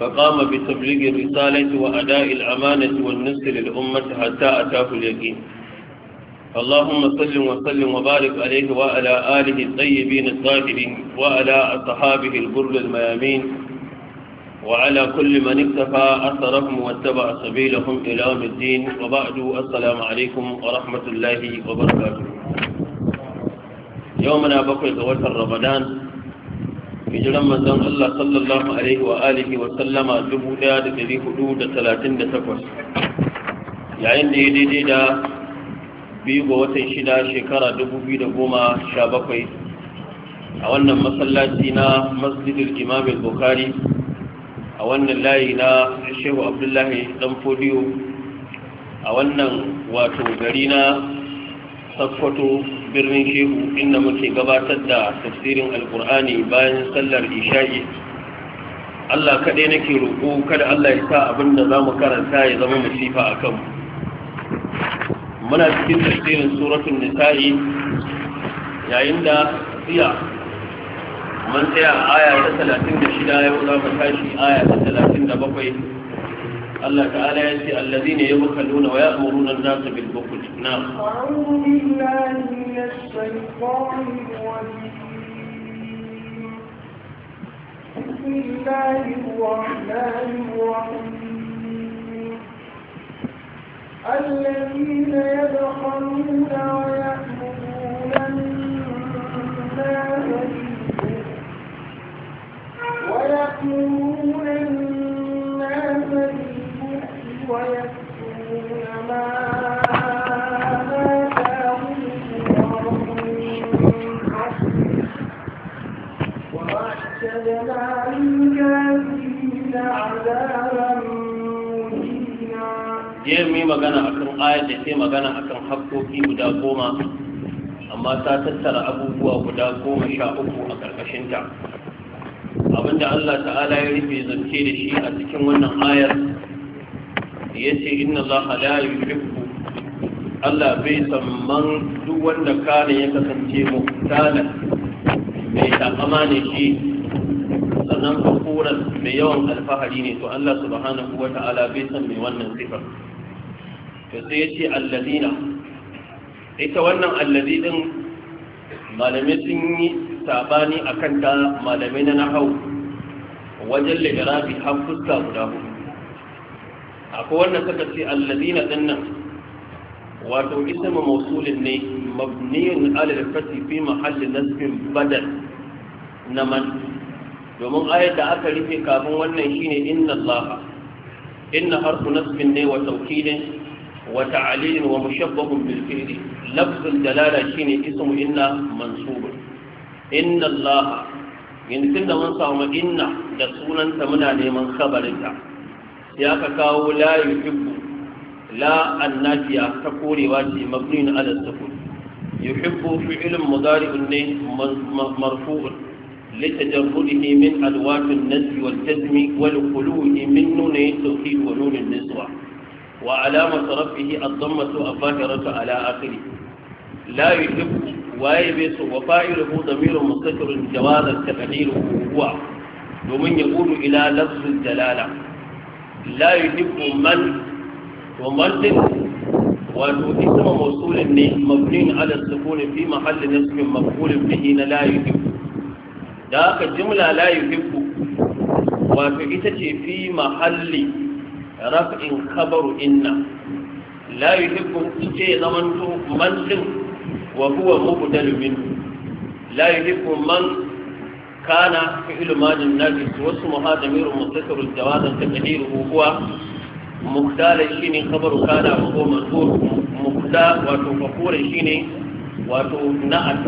فقام بتبليغ الرسالة وأداء الأمانة والنصر للأمة حتى أتاه اليقين اللهم صل وسلم وبارك عليه وعلى آله الطيبين الطاهرين وعلى أصحابه البر الميامين وعلى كل من اكتفى أثرهم واتبع سبيلهم إلى يوم الدين وبعد السلام عليكم ورحمة الله وبركاته يومنا بقي وتر رمضان hijiran manzon Allah sallallahu alaihi wa alihi wa sallama 1438 yayin da ya daidai da biyu ga watan shida shekara 2017 a wannan masallaci na masjidul imam al-bukhari a wannan layi na shehu abdullahi dan fodiyo a wannan wato gari na sakkwato birnin shehu inda muke gabatar da tafsirin alkur'ani bayan sallar isha'i allah kaɗai nake roƙo kada allah ya sa abin da za mu karanta ya zama masifa a kanmu muna cikin tafsirin suratun nisa'i yayin da siya. man tsaya a aya ta talatin da shida yau za mu tashi aya ta talatin da bakwai الله تعالى يأتي الذين يبخلون ويأمرون الناس بالبخل نعم أعوذ بالله من الشيطان الرجيم بسم الله الرحمن الرحيم الذين يبخلون ويأمرون الناس ويأمرون الناس بالبخل ويأمرون عذابا mai magana akan ayar da sai magana akan hakkoki guda goma amma ta tattara abubuwa guda goma sha uku a ƙarƙashinta abinda Allah ta'ala ya rufe zance da shi a cikin wannan ayar ya ce inna Allah la yuhibbu Allah bai samman duk wanda kane ya kasance muktala mai takama ne shi sannan fakuran mai yawan alfahari ne to Allah subhanahu wa ta'ala bai san mai wannan sifar to sai yace alladina ita wannan alladi din malamai sun yi sabani akan ta malamai na nahau wajen lirabi har fuska guda hudu akwai wannan suka ce alladina dinnan wato ismu mausulin ne mabniyun alal fati fi mahalli nasbin badal na man domin ayar da aka rufe kafin wannan shine inna allaha inna harfu nasbin ne wa ne, wa ta'lilin wa mushabbahun bil fi'li lafzul dalala shine ismu inna mansubun inna allaha yanzu da mun samu inna da sunanta muna neman khabarinta sai aka kawo la yuhibbu la annafiya ta korewa ce mabnin ala sukun yuhibbu fi'lun mudari'un ne marfu'un لتجرده من أدوات النسب والجزم والخلو من نون التوحيد ونون النسوة وعلامة ربه الضمة الظاهرة على آخره لا يحب ويبس وفاعله ضمير مستتر جوازا تقديره هو ومن يقول إلى لفظ الدلالة لا يحب من ومن وتؤتي اسم موصول مبني على السكون في محل نسب مفعول به لا يحب da aka jimla la yuhibbu wato ita ce fi mahalli raf'in kabaru inna la yuhibbu ce zaman to man din wa huwa mubdal min la yuhibbu man kana fi madin najis wa ismuha damirun mudhakkarun jawazan taqdiruhu huwa مقدار شيني خبر كان وهو مذكور مقدار وتفكور wato وتنأت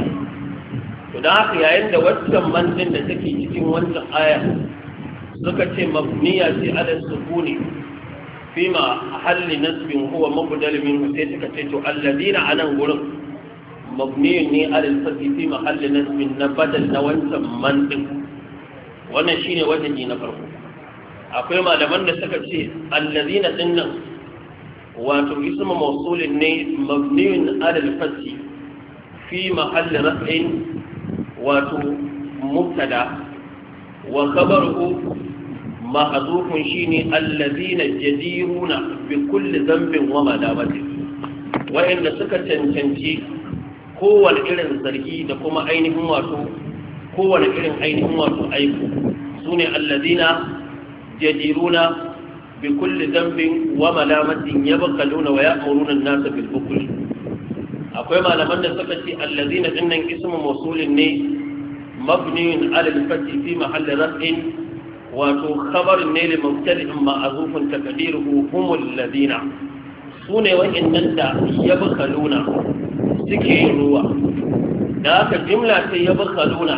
to da haka yayin da wancan mantin da take cikin wancan aya suka ce mabniya ce ala sukuni fima halli nasbin huwa mabdal min sai suka ce to alladina anan gurin mabniyun ne ala fasi fima halli nasbin na badal na wancan mantin wannan shine wajibi na farko akwai malaman da suka ce alladina dinnan wato ismu mawsulin ne mabniyun ala fasi fi mahalli raf'in wato mubtada wa khabaruhu mahdhufun shine allazina jadiruna bi kulli dhanbin wa madabati wa'inda suka cancanci kowane irin zargi da kuma ainihin wato kowane irin ainihin wato aiko sune allazina jadiruna bi kulli dhanbin wa malamatin yabqaluna wa ya'muruna an-nasa bil bukhl akwai malaman da suka ce allazina dinnan ismu mausulin ne mabniyun ala al-fathi fi mahalli raf'in wato khabar ne li mubtadi'in ma'zufun taqdiruhu humul ladina sune wa'annan da yabkhaluna suke ruwa da aka jimla ce yabkhaluna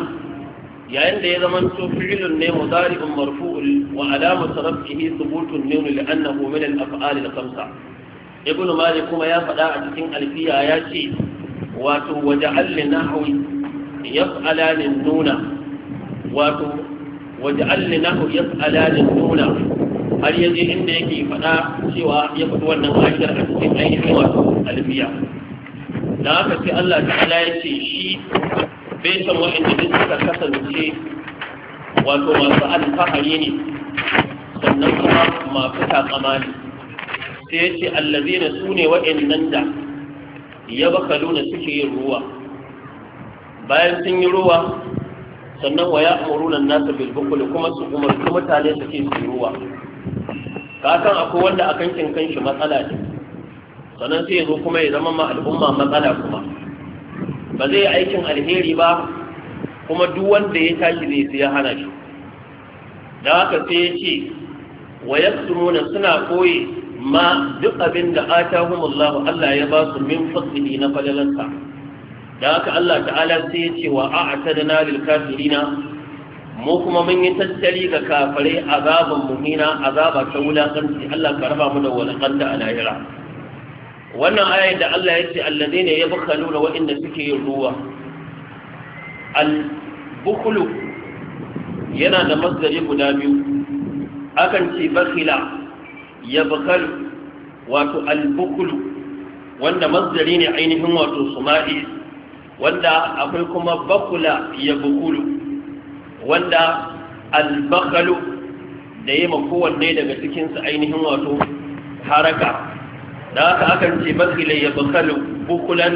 yayin da ya zama to fi'ilun ne mudari'un marfu'ul wa alamatu rafihi thubutun nun li'annahu min al-af'al al-khamsa ibn malik kuma ya faɗa a cikin alfiya ya ce wato waje alli nahwi yaf'ala lin nuna wato waje alli nahwi yaf'ala lin nuna har yaje inda yake faɗa cewa ya faɗi wannan ashar a cikin ainihin wato alfiya da haka sai Allah ta'ala ya ce shi bai san wa'anda duk suka kasance wato masu alfahari ne sannan kuma masu takama ne sai ya ce allazina su ne nan da ya luna suke yin ruwa bayan sun yi ruwa sannan wa amuru nan nasa bilbukuli kuma su umarci mutane su yi su ruwa kakan akwai wanda a kankin kanshi matsala ne sannan sai ya zo kuma ya zama ma al'umma matsala kuma ba zai aikin alheri ba kuma duk wanda ya tashi ne sai ya hana shi da haka sai ya ce wa ya suna koyi ma duk abin da atahumullahu Allah ya ba su min fadlihi na falalarsa da haka Allah ta'ala sai ya ce wa a'tadna lil kafirina mu kuma mun yi tattali ga kafirai azaban muhina azaba ta wulakanci Allah ka raba mu da wulakanta a lahira wannan ayar da Allah ya ce alladheena yabkhaluna nuna waɗanda suke yin ruwa al bukhlu yana da mazari guda biyu akan ce bakhila yabkhal wato albukulu wanda masdari ne ainihin wato suma'i wanda akwai kuma bakula yabkhulu wanda albakalu da yi kowanne daga su ainihin wato haraka da haka akan ce bakila ya bukulan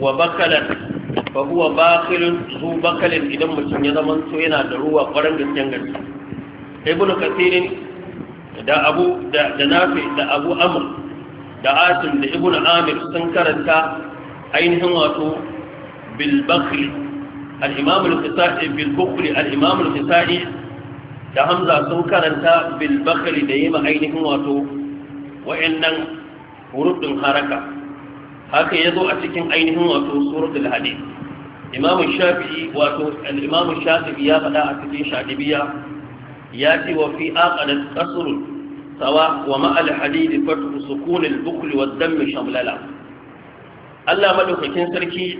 wa bakalan fa huwa bakilun zu bakalin idan mutum ya zama so yana da ruwa ƙwarar gaskiyar gaske ibnu kasirin da abu da nafi da abu amr da asim da ibn amir sun karanta ainihin wato bil alimamul al-imam alimamul kisai da hamza sun karanta bil da yi ma ainihin wato wa'annan hurufin haraka haka yazo a cikin ainihin wato suratul hadid imam shafi'i wato al-imam ya faɗa a cikin shadibiya ya ce wa fi aqalat qasr sawa wa ma al hadid fatu sukun al wa dam shamlala Allah madaukakin sarki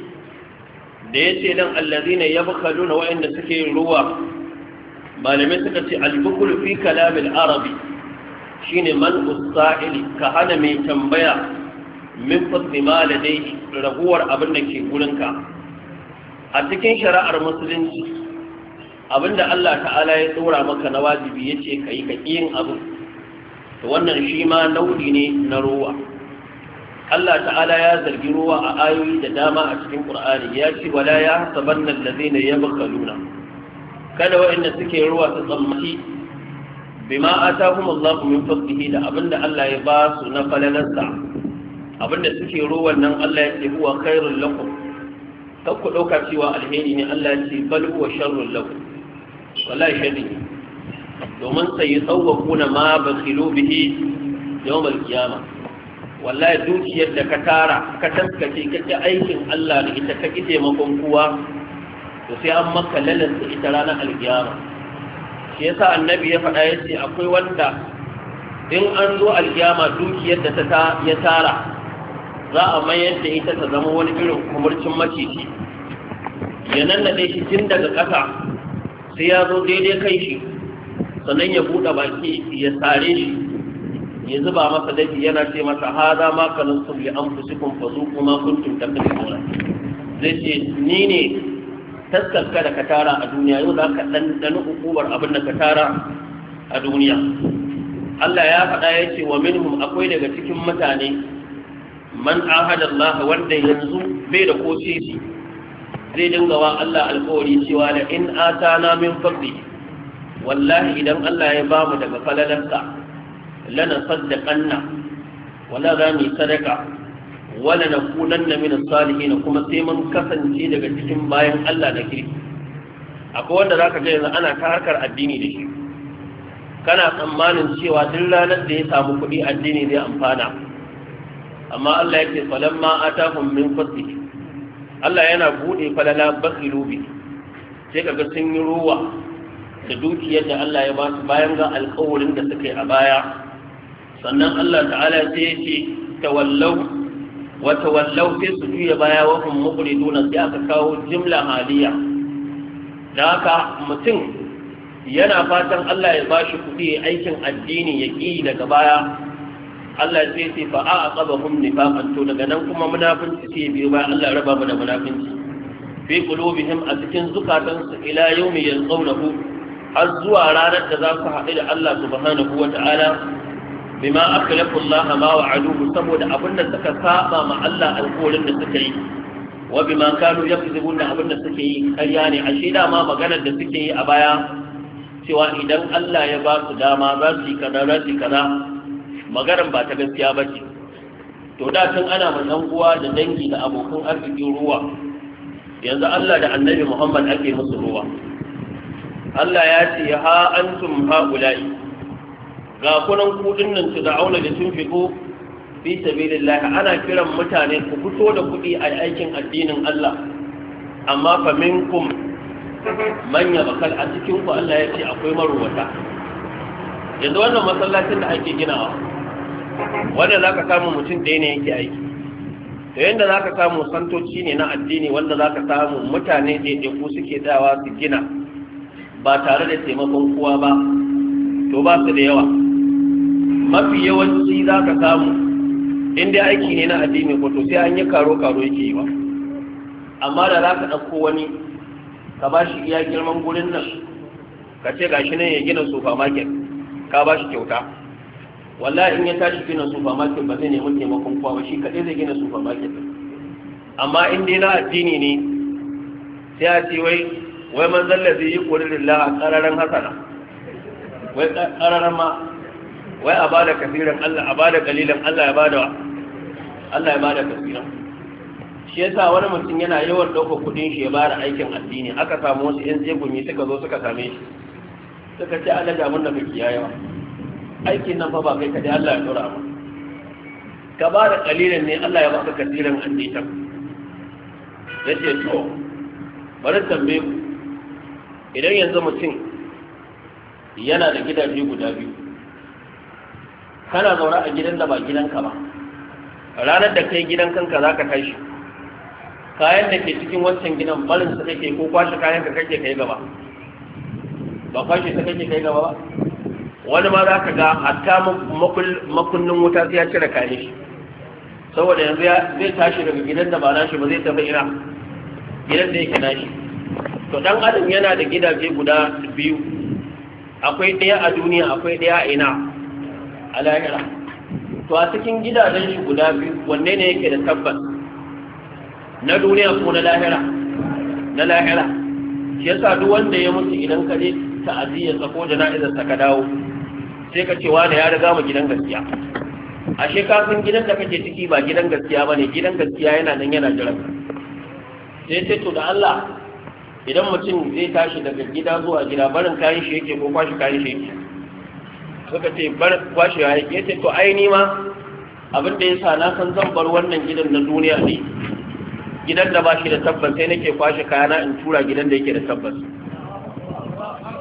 da yace dan ya yabkhaluna wa inda suke ruwa malamai suka ce al fi kalam Arabi. arabi shine man usaili ka hana mai tambaya min fasli ma ladai raguwar abin da ke gurinka a cikin shari'ar musulunci abinda Allah ta'ala ya tsora maka na wajibi ya ce ka yi ka yin abin to wannan shi ma nau'i ne na ruwa Allah ta'ala ya zargi ruwa a ayoyi da dama a cikin Ƙur'ani, ya ce wala ya hasabanna allazina yabkhaluna kada wa'anda suke ruwa su tsammaci bima atahum Allah min fadlihi da abinda Allah ya ba su na falalarsa abinda suke ruwan nan Allah ya ce huwa khairul lakum kar ku dauka cewa alheri ne Allah ya ce bal huwa sharrul lakum wallahi shadi domin sai ya kuna ma basilu bihi yawmal qiyama wallahi dukiyar da ka tara ka taskace kake aikin Allah da ita ka kike makon kuwa to sai an maka lalanta ita ranar alkiyama shi yasa annabi ya faɗa yace akwai wanda in an zo alkiyama dukiyar da ta ya tara za a mayar da ita ta zama wani irin kumurcin maciji ya nannaɗe shi tun daga ƙasa sai ya zo daidai kai shi sannan ya buɗe baki ya sare shi ya zuba masa dafi yana ce masa za ma kanantum li kuma kuma zuqu ma kuntum takfurun zai ce ni ne taskarka da katara a duniya yau za ka ɗanɗani hukumar abin da katara a duniya Allah ya faɗa ya ce wa minhum akwai daga cikin mutane man ahada wanda yanzu bai da ko shi. zai dinga wa Allah alƙawari cewa da in atana min fadli wallahi idan Allah ya bamu daga falalarsa lana saddaqanna wala za mu sadaka wala nakunanna min salihin kuma sai mun kasance daga cikin bayan Allah na kirki akwai wanda zaka ga yanzu ana ta harkar addini da shi kana tsammanin cewa duk ranar da ya samu kuɗi addini zai amfana amma Allah yake falamma atahum min fadlihi Allah yana buɗe falala bakhilu bi sai kaga sun yi ruwa da dukiyar da Allah ya ba su bayan ga alƙawarin da suka yi a baya sannan Allah ta'ala sai ya ce tawallau wa tawallau sai su juya baya wa hum muqriduna sai aka kawo jimla haliya da haka mutum yana fatan Allah ya ba shi kuɗi aikin addini ya ƙi daga baya Allah zai ce fa aqabahum nifaqan to daga nan kuma munafinci sai biyo ba, Allah raba mu da munafinci fi qulubihim a cikin zukatan su ila yawmi yalqawnahu har zuwa ranar da za su haɗu da Allah subhanahu wata'ala bima akhlafu Allah ma wa'aduhu saboda abin da suka saba ma Allah alƙawarin da suka yi wa bima kanu yakzibuna abin da suke yi ƙarya ne ashe dama maganar da suke yi a baya cewa idan Allah ya ba su dama za su yi kaza za su yi kaza magaran ba ta gaskiya ba ce to da tun ana ma nan uwa da dangi da abokan arzikin ruwa yanzu Allah da annabi Muhammad ake musu ruwa Allah ya ce ha antum haula'i ga kunan kudin nan su da aula da tun fiko fi sabilillah ana kiran mutane ku fito da kuɗi a aikin addinin Allah amma fa minkum manya bakal a cikin ku Allah ya ce akwai maruwata yanzu wannan masallacin da ake ginawa wanda za ka samu mutum ɗaya ne yake aiki to yadda za ka samu santoci ne na addini wanda za ka samu mutane da ku suke dawa su gina ba tare da taimakon kowa ba to ba su da yawa mafi yawanci za ka samu inda aiki ne na addini ko to sai an yi karo karo yake yi ba amma da za ka ɗauko wani ka ba shi iya girman gurin nan ka ce gashi nan ya gina market ka ba shi kyauta wallahi in ya tashi gina supermarket ba zai nemi taimakon kowa ba shi kaɗai zai gina supermarket amma in dai na addini ne sai a ce wai wai man zalla zai yi kuri lillah a ƙararren hasana wai ƙararren ma wai a bada kasirin Allah a bada kalilan Allah ya bada Allah ya bada kasirin shi yasa wani mutum yana yawan ɗaukar kuɗin shi ya ba da aikin addini aka samu wasu 'yan tsegumi suka zo suka same shi suka ce alaja mun da muke yayawa aikin nan fa ba kai kadai Allah ya dora ba ka ba da kalilan ne Allah ya baka kasiran annita yace to bari tambaye ku idan yanzu mutum yana da gidaje guda biyu kana zaune a gidan da ba gidanka ba ranar da kai gidan kanka za ka tashi kayan da ke cikin wancan gidan barin su kake ko kwashe kayan ka kake kai gaba ba kwashe ta kake kai gaba ba wani ma za ka ga hatta makullin wuta ya cire kayan shi saboda yanzu zai tashi daga gidan da ba nashi ba zai tafi ina gidan da yake nashi to dan adam yana da gidaje guda biyu akwai ɗaya a duniya akwai ɗaya a ina a lahira to a cikin gidajen shi guda biyu wanne ne yake da tabbas na duniya ko na lahira na lahira shi yasa duk wanda ya mutu idan ka je ta'aziyya tsako jana'izar ta ka dawo sai ka ce wane ya riga mu gidan gaskiya ashe kafin gidan da kake ciki ba gidan gaskiya bane gidan gaskiya yana nan yana jiran sai sai to da Allah idan mutum zai tashi daga gida zuwa gida barin kayan shi yake ko kwashi kayan shi yake suka ce bar kwashi ya yake sai to ai ni ma abin da yasa na san zan bar wannan gidan na duniya ne gidan da ba shi da tabbas sai nake kwashi kayana in tura gidan da yake da tabbas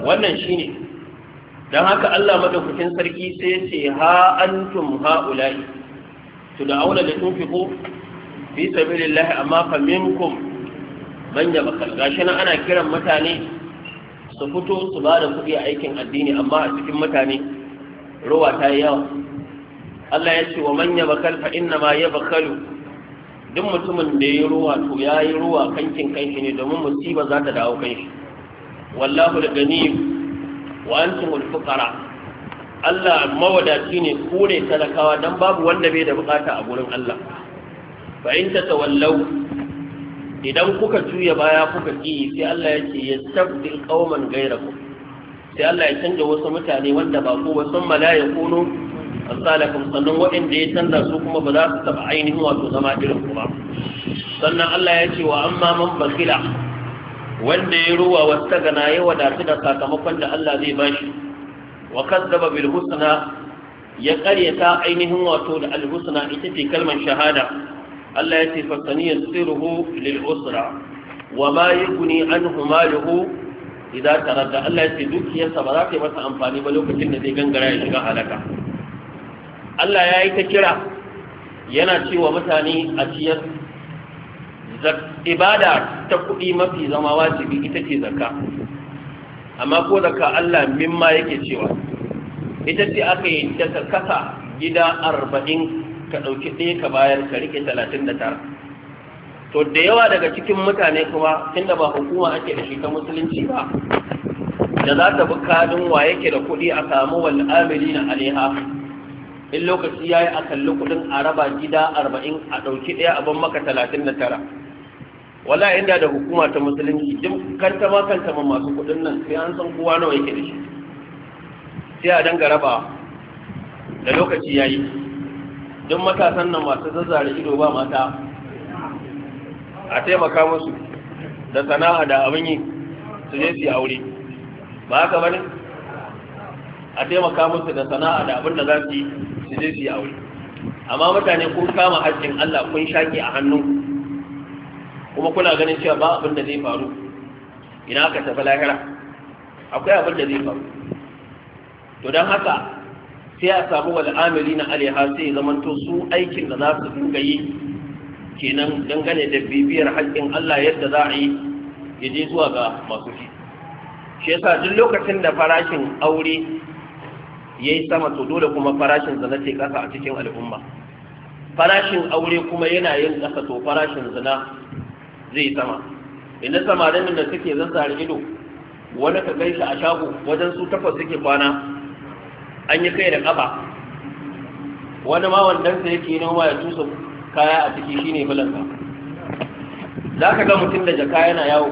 wannan shine don haka Allah madaukakin sarki sai ce ha antum haula'i to da aula da tunfiqu fi sabilillahi amma fa minkum man yabakal gashi nan ana kiran mutane su fito su ba da kuɗi aikin addini amma a cikin mutane ruwa ta yi yawa Allah ya ce wa man yabakal fa inna ma yabakalu duk mutumin da ya ruwa to ya yi ruwa kankin kanshi ne domin musiba za ta dawo kanshi wallahu da gani wa antumul fuqara Allah mawadaci ne ku ne talakawa dan babu wanda bai da bukata a gurin Allah Fahimtar in tatawallau idan kuka juya baya kuka ki sai Allah ya ce yastabdil qauman ghayrakum sai Allah ya canja wasu mutane wanda ba ku ba sun malaikunu asalakum sannan waɗanda ya canza su kuma ba za su taɓa ainihin wato zama irin ku ba sannan Allah ya ce wa amma man bakila wanda ya ruwa wasta gana ya wadatu da sakamakon da Allah zai shi, wa kazzaba bil husna ya karyata ainihin wato da al husna ita ce kalmar shahada Allah ya ce fa sai sirruhu lil usra wa ma yughni anhu maluhu idza taradda Allah ya ce dukiyarsa ba za ta yi masa amfani ba lokacin da zai gangara ya shiga halaka Allah ya yi ta kira yana cewa mutane a ciyar ibada ta kuɗi mafi zama wajibi ita ce zakka amma ko zakka Allah mimma yake cewa ita ce aka yi da ka kasa gida arba'in ka ɗauki ɗaya ka bayar ka riƙe talatin da tara to da yawa daga cikin mutane kuma tunda ba hukuma ake da shi ta musulunci ba da za ta bi kadin wa yake da kuɗi a samu wal amilina alaiha in lokaci ya yi a kalli kuɗin a raba gida arba'in a ɗauki ɗaya abin maka talatin da tara wala inda da hukuma ta musulunci duk kanta ma kanta ma masu kudin nan sai an san kowa nawa yake da shi sai a danga raba da lokaci yayi duk matasan nan masu zazzare ido ba mata a taimaka musu da sana'a da abin yi su je su yi aure ba haka bane a taimaka musu da sana'a da abin da za su yi su je su yi aure amma mutane kun kama haƙƙin Allah kun shaƙi a hannunku kuma kuna ganin cewa ba abin da zai faru ina aka tafi lahira akwai abin da zai faru to don haka sai a samu al'amari amili na alaiha sai zamanto su aikin da za su dinga yi kenan dangane da bibiyar haƙƙin Allah yadda za a yi ya je zuwa ga masu shi shi yasa duk lokacin da farashin aure ya yi sama to dole kuma farashin zana ce ƙasa a cikin al'umma farashin aure kuma yana yin ƙasa to farashin zina zai sama inda samarin da suke zazzare ido wani ka kai shi a shago wajen su tafa suke kwana an yi kai da kaba wani ma sai yake noma ya tusa kaya a ciki shine bulanka za ka ga mutum da jaka yana yawo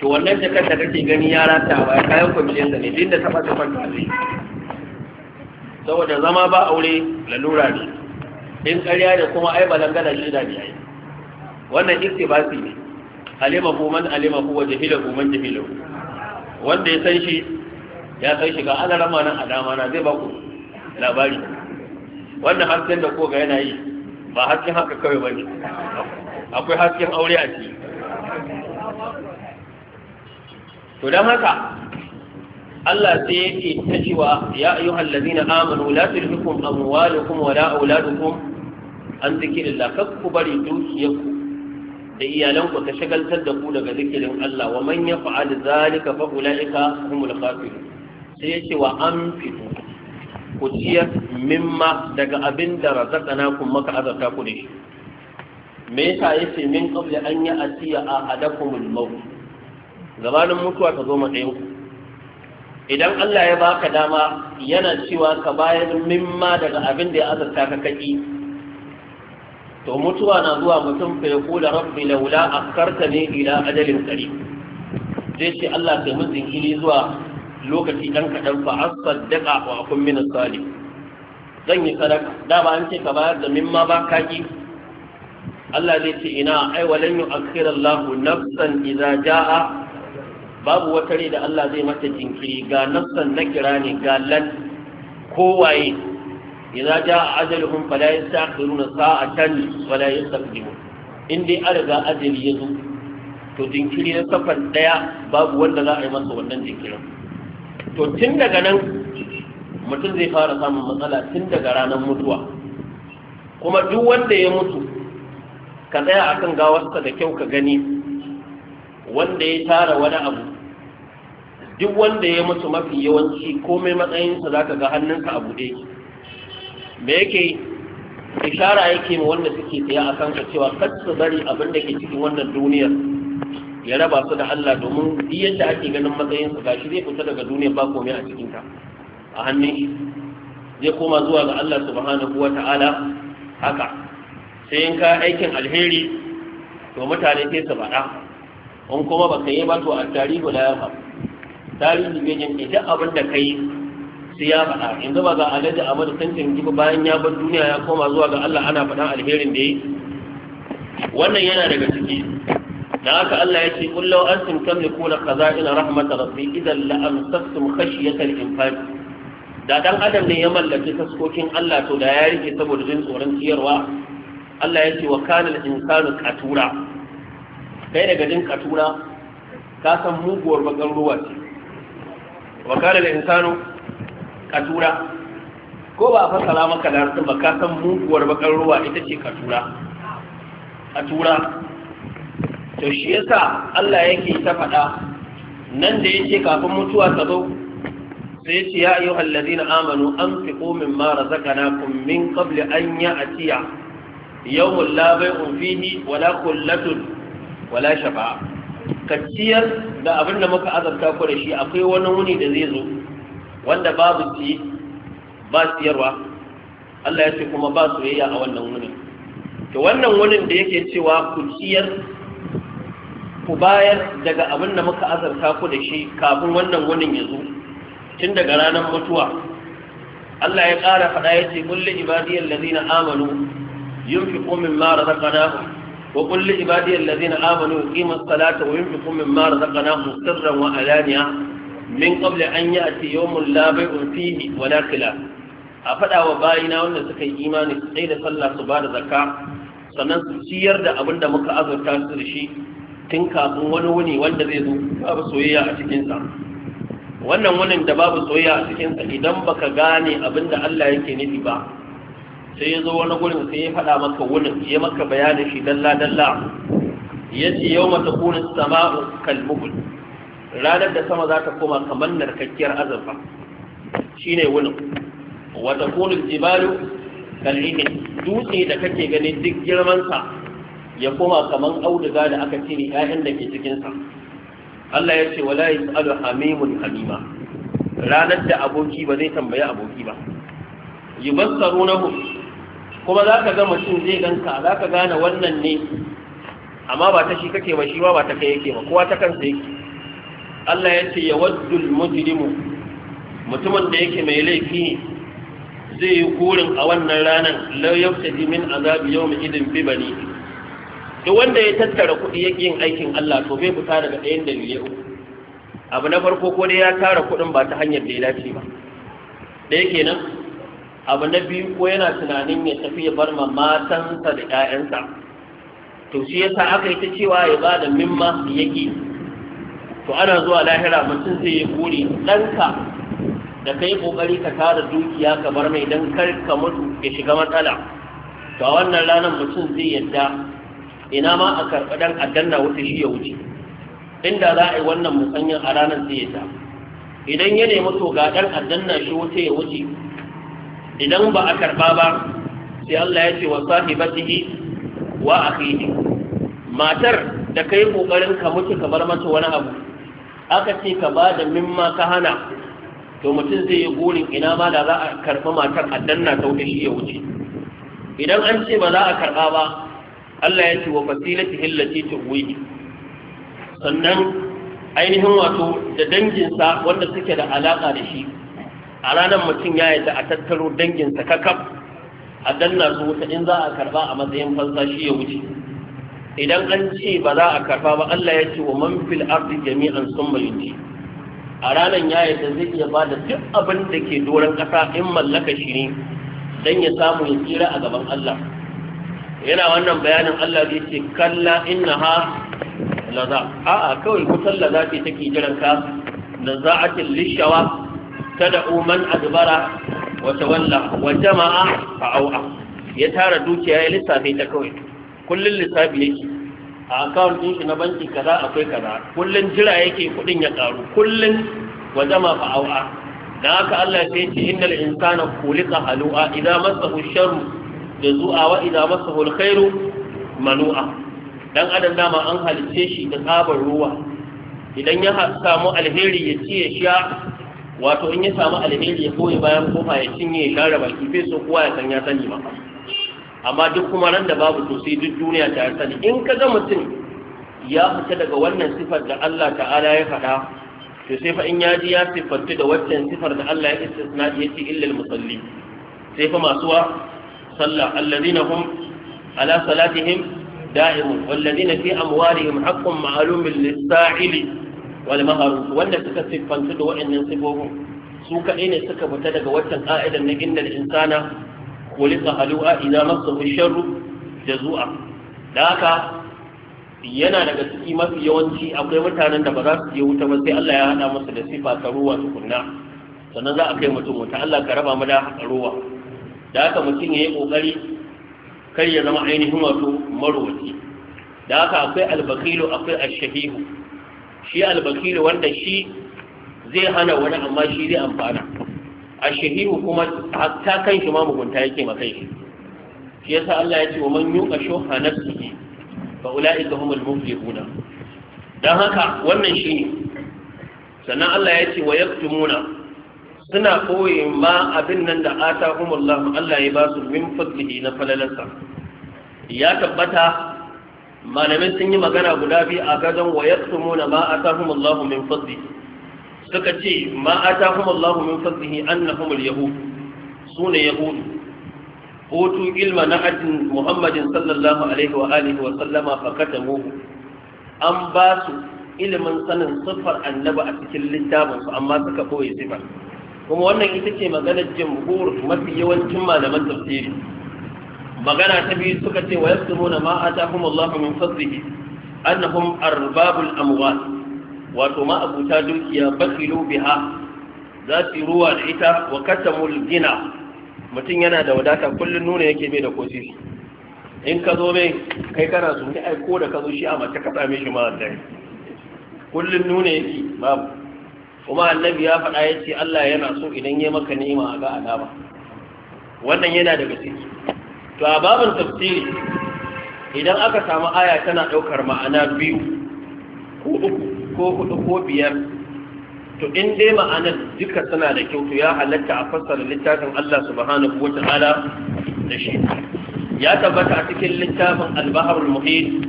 to wannan jakar da kake gani ya ratawa ya kayan da ne duk da taɓa ta kwanta zai saboda zama ba aure lalura ne in karya da kuma ai balangana shida ne ai wannan iktibasi ne alimahu man alimahu wa jahilahu man jahilahu wanda ya san shi ya san shi ga alarama nan a na zai baku labari wannan hasken da koga yana yi ba hasken haka kawai ba ne, akwai hasken aure a ciki to dan haka Allah sai yake ta cewa ya ayyuhal ladina amanu la tulhikum amwalukum wala auladukum an zikirillah kakku bari dukiyarku da iyalanku ta shagaltar da ku daga zikirin Allah wa man yaf'al zalika fa ulaika humul kafirun sai yace wa anfiqu ku ciyar mimma daga abin da razaqnakum maka azarta ku ne me yasa yace min qabli an ya atiya ahadakumul maut gabanin mutuwa ta zo matsayin ku idan Allah ya baka dama yana cewa ka bayar mimma daga abin da ya azarta ka kaki to mutuwa na zuwa mutum fa ya kula rabbi laula akhartani ila ajalin kari zai ce Allah sai mun jinkiri zuwa lokaci dan kadan fa asaddaqa wa akun min salih zan yi sadaka da ba an ce ka bayar da mimma ba kaki Allah zai ce ina ai walan yu'akhkhir Allah nafsan idza jaa babu wata da Allah zai mata jinkiri ga nafsan na kira ne ga lan kowaye idza jaa ajaluhum fala yastakhiruna sa'atan wala yastaqdimun in dai an riga ajali ya zo to jinkiri na safar daya babu wanda za a yi masa wannan jinkirin to tun daga nan mutum zai fara samun matsala tun daga ranar mutuwa kuma duk wanda ya mutu ka tsaya akan gawarsa da kyau ka gani wanda ya tara wani abu duk wanda ya mutu mafi yawanci komai matsayinsa za ka ga hannunka a buɗe me yake ishara yake ma wanda suke tsaya a kanka cewa kar su bari abin da ke cikin wannan duniyar ya raba su da Allah domin duk yadda ake ganin matsayin su gashi zai fita daga duniyar ba komai a cikin ta a hannun shi zai koma zuwa ga Allah subhanahu ta'ala. haka sai in ka aikin alheri to mutane sai su faɗa in kuma baka yi ba to a tarihi la yarham tarihi bai jin idan abin da kai sai ya faɗa yanzu ba ga alhaji amadu tantan gibu bayan ya bar duniya ya koma zuwa ga Allah ana faɗan alherin da yi wannan yana daga ciki da haka Allah ya ce an qul law antum kaza ina rahmata rabbi idan la amsaktum khashyata al-infaq da dan adam ne ya mallaki taskokin Allah to da ya rike saboda jin tsoron ciyarwa Allah ya ce wa kana al-insanu qatura kai daga jin qatura ka san muguwar bakan ruwa ce wa kana al-insanu katura ko ba a fasara maka da harsun ba ka san muguwar bakar ruwa ita ce katura katura to shi yasa Allah yake ta faɗa nan da yake kafin mutuwa ta zo sai ce ya ayyuha allazina amanu anfiqu mimma razaqnakum min qabli an ya'tiya yawmun la bay'un fihi wala kullatun wala shafa'a ka da abin da muka azabta ku da shi akwai wani wuni da zai zo wanda babu ci ba siyarwa Allah ya ce kuma ba soyayya a wannan wurin to wannan wurin da yake cewa ku ciyar ku bayar daga abin da muka azarta ku da shi kafin wannan wurin ya zo tun daga ranar mutuwa Allah ya ƙara faɗa ya ce kulli ibadiyar lazina amanu yunfiqu mimma razaqnahum wa kulli ibadiyar lazina amanu yuqimus salata wa mara mimma razaqnahum sirran wa alaniya min qabla an ya'ti yawmun la bay'un fihi wa la khilaf a faɗa wa bayina wanda suka yi imani su tsaye da sallah su ba da zakka sannan su ciyar da abin da muka azurta su da shi tun kafin wani wuni wanda zai zo babu soyayya a cikinsa wannan wunin da babu soyayya a cikinsa idan baka gane abin da Allah yake nufi ba sai ya zo wani gurin sai ya faɗa maka wunin ya maka bayanin shi dalla dalla ya ce yau mata kunin sama'u kalmuhul ranar da sama za ta koma kamar narkakkiyar azurfa ne wuni wata kunin jibalu kalini dutse da kake ganin duk girmansa ya koma kamar auduga da aka cire 'ya'yan da ke cikinsa Allah ya ce wala yas'alu hamimun hamima ranar da aboki ba zai tambayi aboki ba yubassarunahu kuma za ka ga mutum zai ganka za ka gane wannan ne amma ba ta shi kake ba shi ba ba ta kai yake ba kowa ta kansa yake Allah ya ce yawaddul mujrimu mutumin da yake mai laifi zai yi kurin a wannan ranar la yaftadi min azabi yawm idin bi bani duk wanda ya tattara kuɗi yake yin aikin Allah to bai fita daga ɗayan dalilai uku abu na farko ko dai ya tara kuɗin ba ta hanyar da ya dace ba da yake nan abu na biyu ko yana tunanin ya tafi ya bar ma matansa da 'ya'yansa to shi yasa aka yi ta cewa ya ba da mimma yake to ana zuwa lahira mutum zai yi buri ɗanka da kai kokari ka tara dukiya ka bar mai dan kar ka mutu ya shiga matsala to a wannan ranar mutum zai yadda ina ma a karɓi dan adanna wuta shi ya wuce inda za a yi wannan musanyin a ranar zai yadda idan ya nemi to ga dan adanna shi wuta ya wuce idan ba a karɓa ba sai Allah ya ce wa sahibatihi wa akhihi matar da kai kokarin ka mutu ka bar mata wani abu aka ce ka ba da mimma ka hana to mutum zai yi burin ina ma da za a karɓi matar a danna ta wuce shi ya wuce idan an ce ba za a karɓa ba Allah ya ce wa fasilati hillati tuwi sannan ainihin wato da danginsa wanda suke da alaka da shi a ranar mutum ya yi da a tattaro danginsa kakaf a danna su wuta in za a karɓa a matsayin fansa shi ya wuce idan an ce ba za a karfa ba Allah ya ce wa man fil ardi jami'an summa yunji a ranar ya yadda zai iya ba da duk abin da ke doron ƙasa in mallaka shi ne dan ya samu ya tsira a gaban Allah yana wannan bayanin Allah zai ce kalla ha laza a'a kawai kusan laza ce take jiran ka laza'atin lishawa da man adbara wata walla, wa jama'a au'a. ya tara dukiya ya lissafe ta kawai kullun lissafi yake a account shi na banki kaza akwai kaza kullun jira yake kudin ya karu kullun wajama fa au'a haka Allah sai ya ce na insana khuliqa halu'a Idan massahu sharru jazua wa idan massahu alkhairu manu'a dan adam dama an halice shi da tsabar ruwa idan ya samu alheri ya ci ya sha wato in ya samu alheri ya koyi bayan kofa ya cinye ya share baki bai so kowa ya san ya sani ba amma duk kuma ran da babu to sai duk duniya ta sani in ka ga mutum ya fita daga wannan sifar da Allah ta'ala ya faɗa to sai fa in ya ji ya siffantu da wannan sifar da Allah ya istisna ya ce illal musalli sai fa masu wa sallah allazina hum ala salatihim da'imun wallazina fi amwalihim haqqun ma'lumun lis-sa'ili wal mahrum wanda suka siffantu da wa'annan sifofin su kaɗai ne suka fita daga waccan ka'idan na innal insana kulika halu'a ina masu sharru jazua da haka yana daga ciki mafi yawanci akwai mutanen da ba za su je wuta ba sai Allah ya hada musu da sifa ta ruwa tukunna sannan za a kai mutum wuta Allah ka raba mu da ruwa da haka mutum yi kokari kar ya zama ainihin wato marwaci da haka akwai albakilu akwai ashahihu shi albakilu wanda shi zai hana wani amma shi zai amfana a shahiru kuma ta kan shi ma mugunta yake ma kai shi shi yasa Allah ya ce wa man yuqa shuha nafsihi fa ulaika humul muflihuna dan haka wannan shi ne. sannan Allah ya ce wa yaktumuna suna koyi ma abin nan da atahumullah Allah ya ba su min fadlihi na falalansa ya tabbata malamin sun yi magana guda biyu a gadon wa yaktumuna ma atahumullah min fadlihi suka ce ma atahum Allahu min fadlihi annahum al-yahud sune yahud Hutu ilma na na'atin Muhammadin sallallahu alaihi wa alihi wa sallama fakatamu an ba su ilimin sanin siffar annabi a cikin littafin su amma suka koyi sifar kuma wannan ita ce maganar jumhur mafi yawancin malaman tafsiri magana ta biyu suka ce wa yastumuna ma atahum Allahu min fadlihi annahum arbabul amwat wato ma abuta dukiya bakilu biha za su ruwa da ita wa katamul gina mutum yana da wadata kullum nuna yake mai da kosi in ka zo mai kai kana su ne aiko da ka zo shi a mace ka same shi ma da kullum nuna yake babu kuma annabi ya faɗa ya ce Allah yana so idan ya maka ni'ima a ga alama wannan yana daga ciki to a babin tafsiri idan aka samu aya tana ɗaukar ma'ana biyu ko uku ko hudu ko biyar to in dai ma'anar duka suna da kyau to ya halatta a fassara littafin Allah subhanahu wa ta'ala da shi ya tabbata a cikin littafin al-bahr al-muhit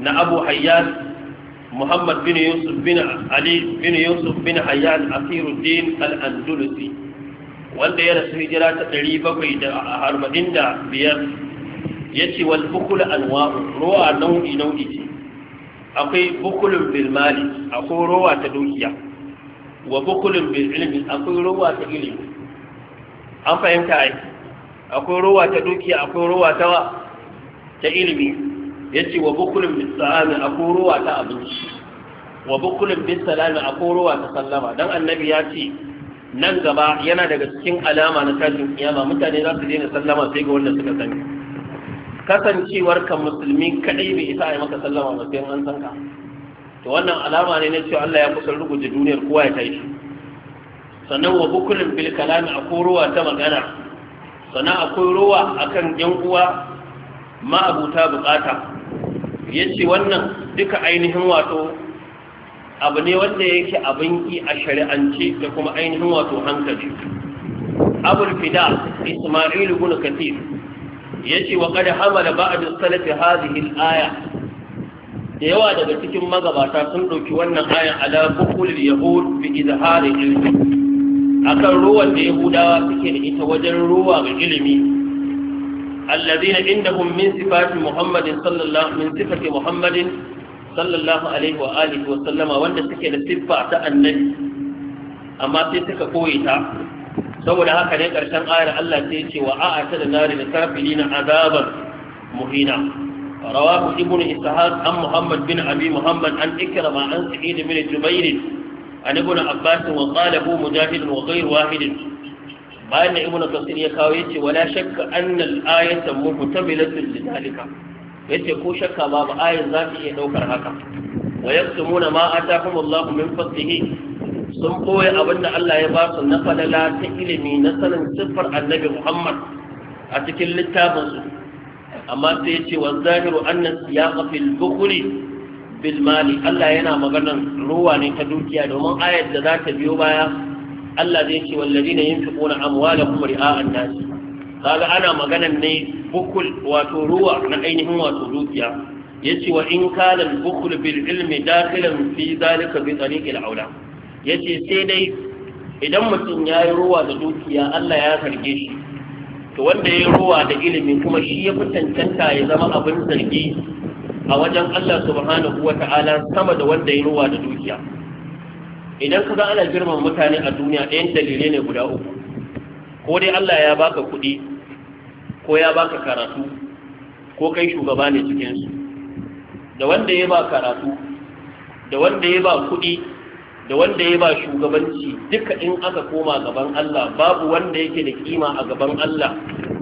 na Abu Hayyan Muhammad bin Yusuf bin Ali bin Yusuf bin Hayyan Asiruddin al-Andalusi wanda ya rasu hijira ta 745 yace wal bukul anwa'u ruwa nau'i nau'i ce akwai bukulun bilmali akwai rowa ta dukiya wa bukulun bil ilmi akwai rowa ta ilimi an fahimta ai akwai rowa ta dukiya akwai rowa ta ta ilimi yace wa bukulun bis akwai rowa ta abinci wa bukulun bis akwai rowa ta sallama dan annabi ya ce nan gaba yana daga cikin alama na tashin kiyama mutane za su daina sallama sai ga wanda suka sani kasancewar ka musulmi kadai bai isa ai maka sallama ba sai an san ka to wannan alama ne na cewa Allah ya kusan ruguje duniyar kowa ya tashi sannan wa bukulin bil kalami akwai ruwa ta magana sannan akwai ruwa akan yan uwa ma'abuta bukata yace wannan duka ainihin wato abu ne wanda yake abin ki a shari'ance da kuma ainihin wato hankali abul fida isma'il ibn kathir yace wa qad hamala ba'd as-salaf hadhihi al-aya da yawa daga cikin magabata sun dauki wannan ayan ala bukul yahud bi izhari ilmi akan ruwan da yahudawa suke da ita wajen ruwa ga ilimi alladhina indahum min sifati muhammadin sallallahu min sifati muhammadin sallallahu alaihi wa alihi wa sallama wanda suke da siffa ta annabi amma sai suka koyi ta saboda haka ne ƙarshen ayar Allah sai ce wa a'a ta da nari da kafiri na azabar muhina rawahu ibnu ishaq an muhammad bin abi muhammad an ikrama an sa'id bin jubair an ibnu abbas wa qala hu mujahid wa ghayr wahid bayan da ibnu kasir ya kawo yace wala shakka anna al-ayata muhtamilatun lidalika yace ko shakka babu ayar za ta iya daukar haka wa yaktumuna ma ta Allahu min fadlihi sun koya abin da Allah ya ba su na falala ta ilimi na sanin siffar annabi Muhammad a cikin littafinsu amma sai ya ce wa zahiru annan ya fil Allah yana maganar ruwa ne ta dukiya domin ayar da za ta biyo baya Allah zai ce wallazina yunfiquna amwalahum ri'a'an nas kaga ana maganar ne bukul wato ruwa na ainihin wato dukiya yace wa in kana bukul bil ilmi dakhilan fi zalika bi tariqil aula ya ce sai dai idan mutum ya yi ruwa da dukiya Allah ya zarge shi to wanda ya yi ruwa da ilimi kuma shi ya fi cancanta ya zama abin zargi a wajen Allah subhanahu wa ta'ala sama da wanda ya yi ruwa da dukiya idan kaga ana girmama mutane a duniya ɗayan dalilai ne guda uku ko dai Allah ya baka kuɗi ko ya baka karatu ko kai shugaba ne cikinsu da wanda ya ba karatu da wanda ya ba kuɗi da wanda ya ba shugabanci duka in aka koma gaban Allah babu wanda yake da kima a gaban Allah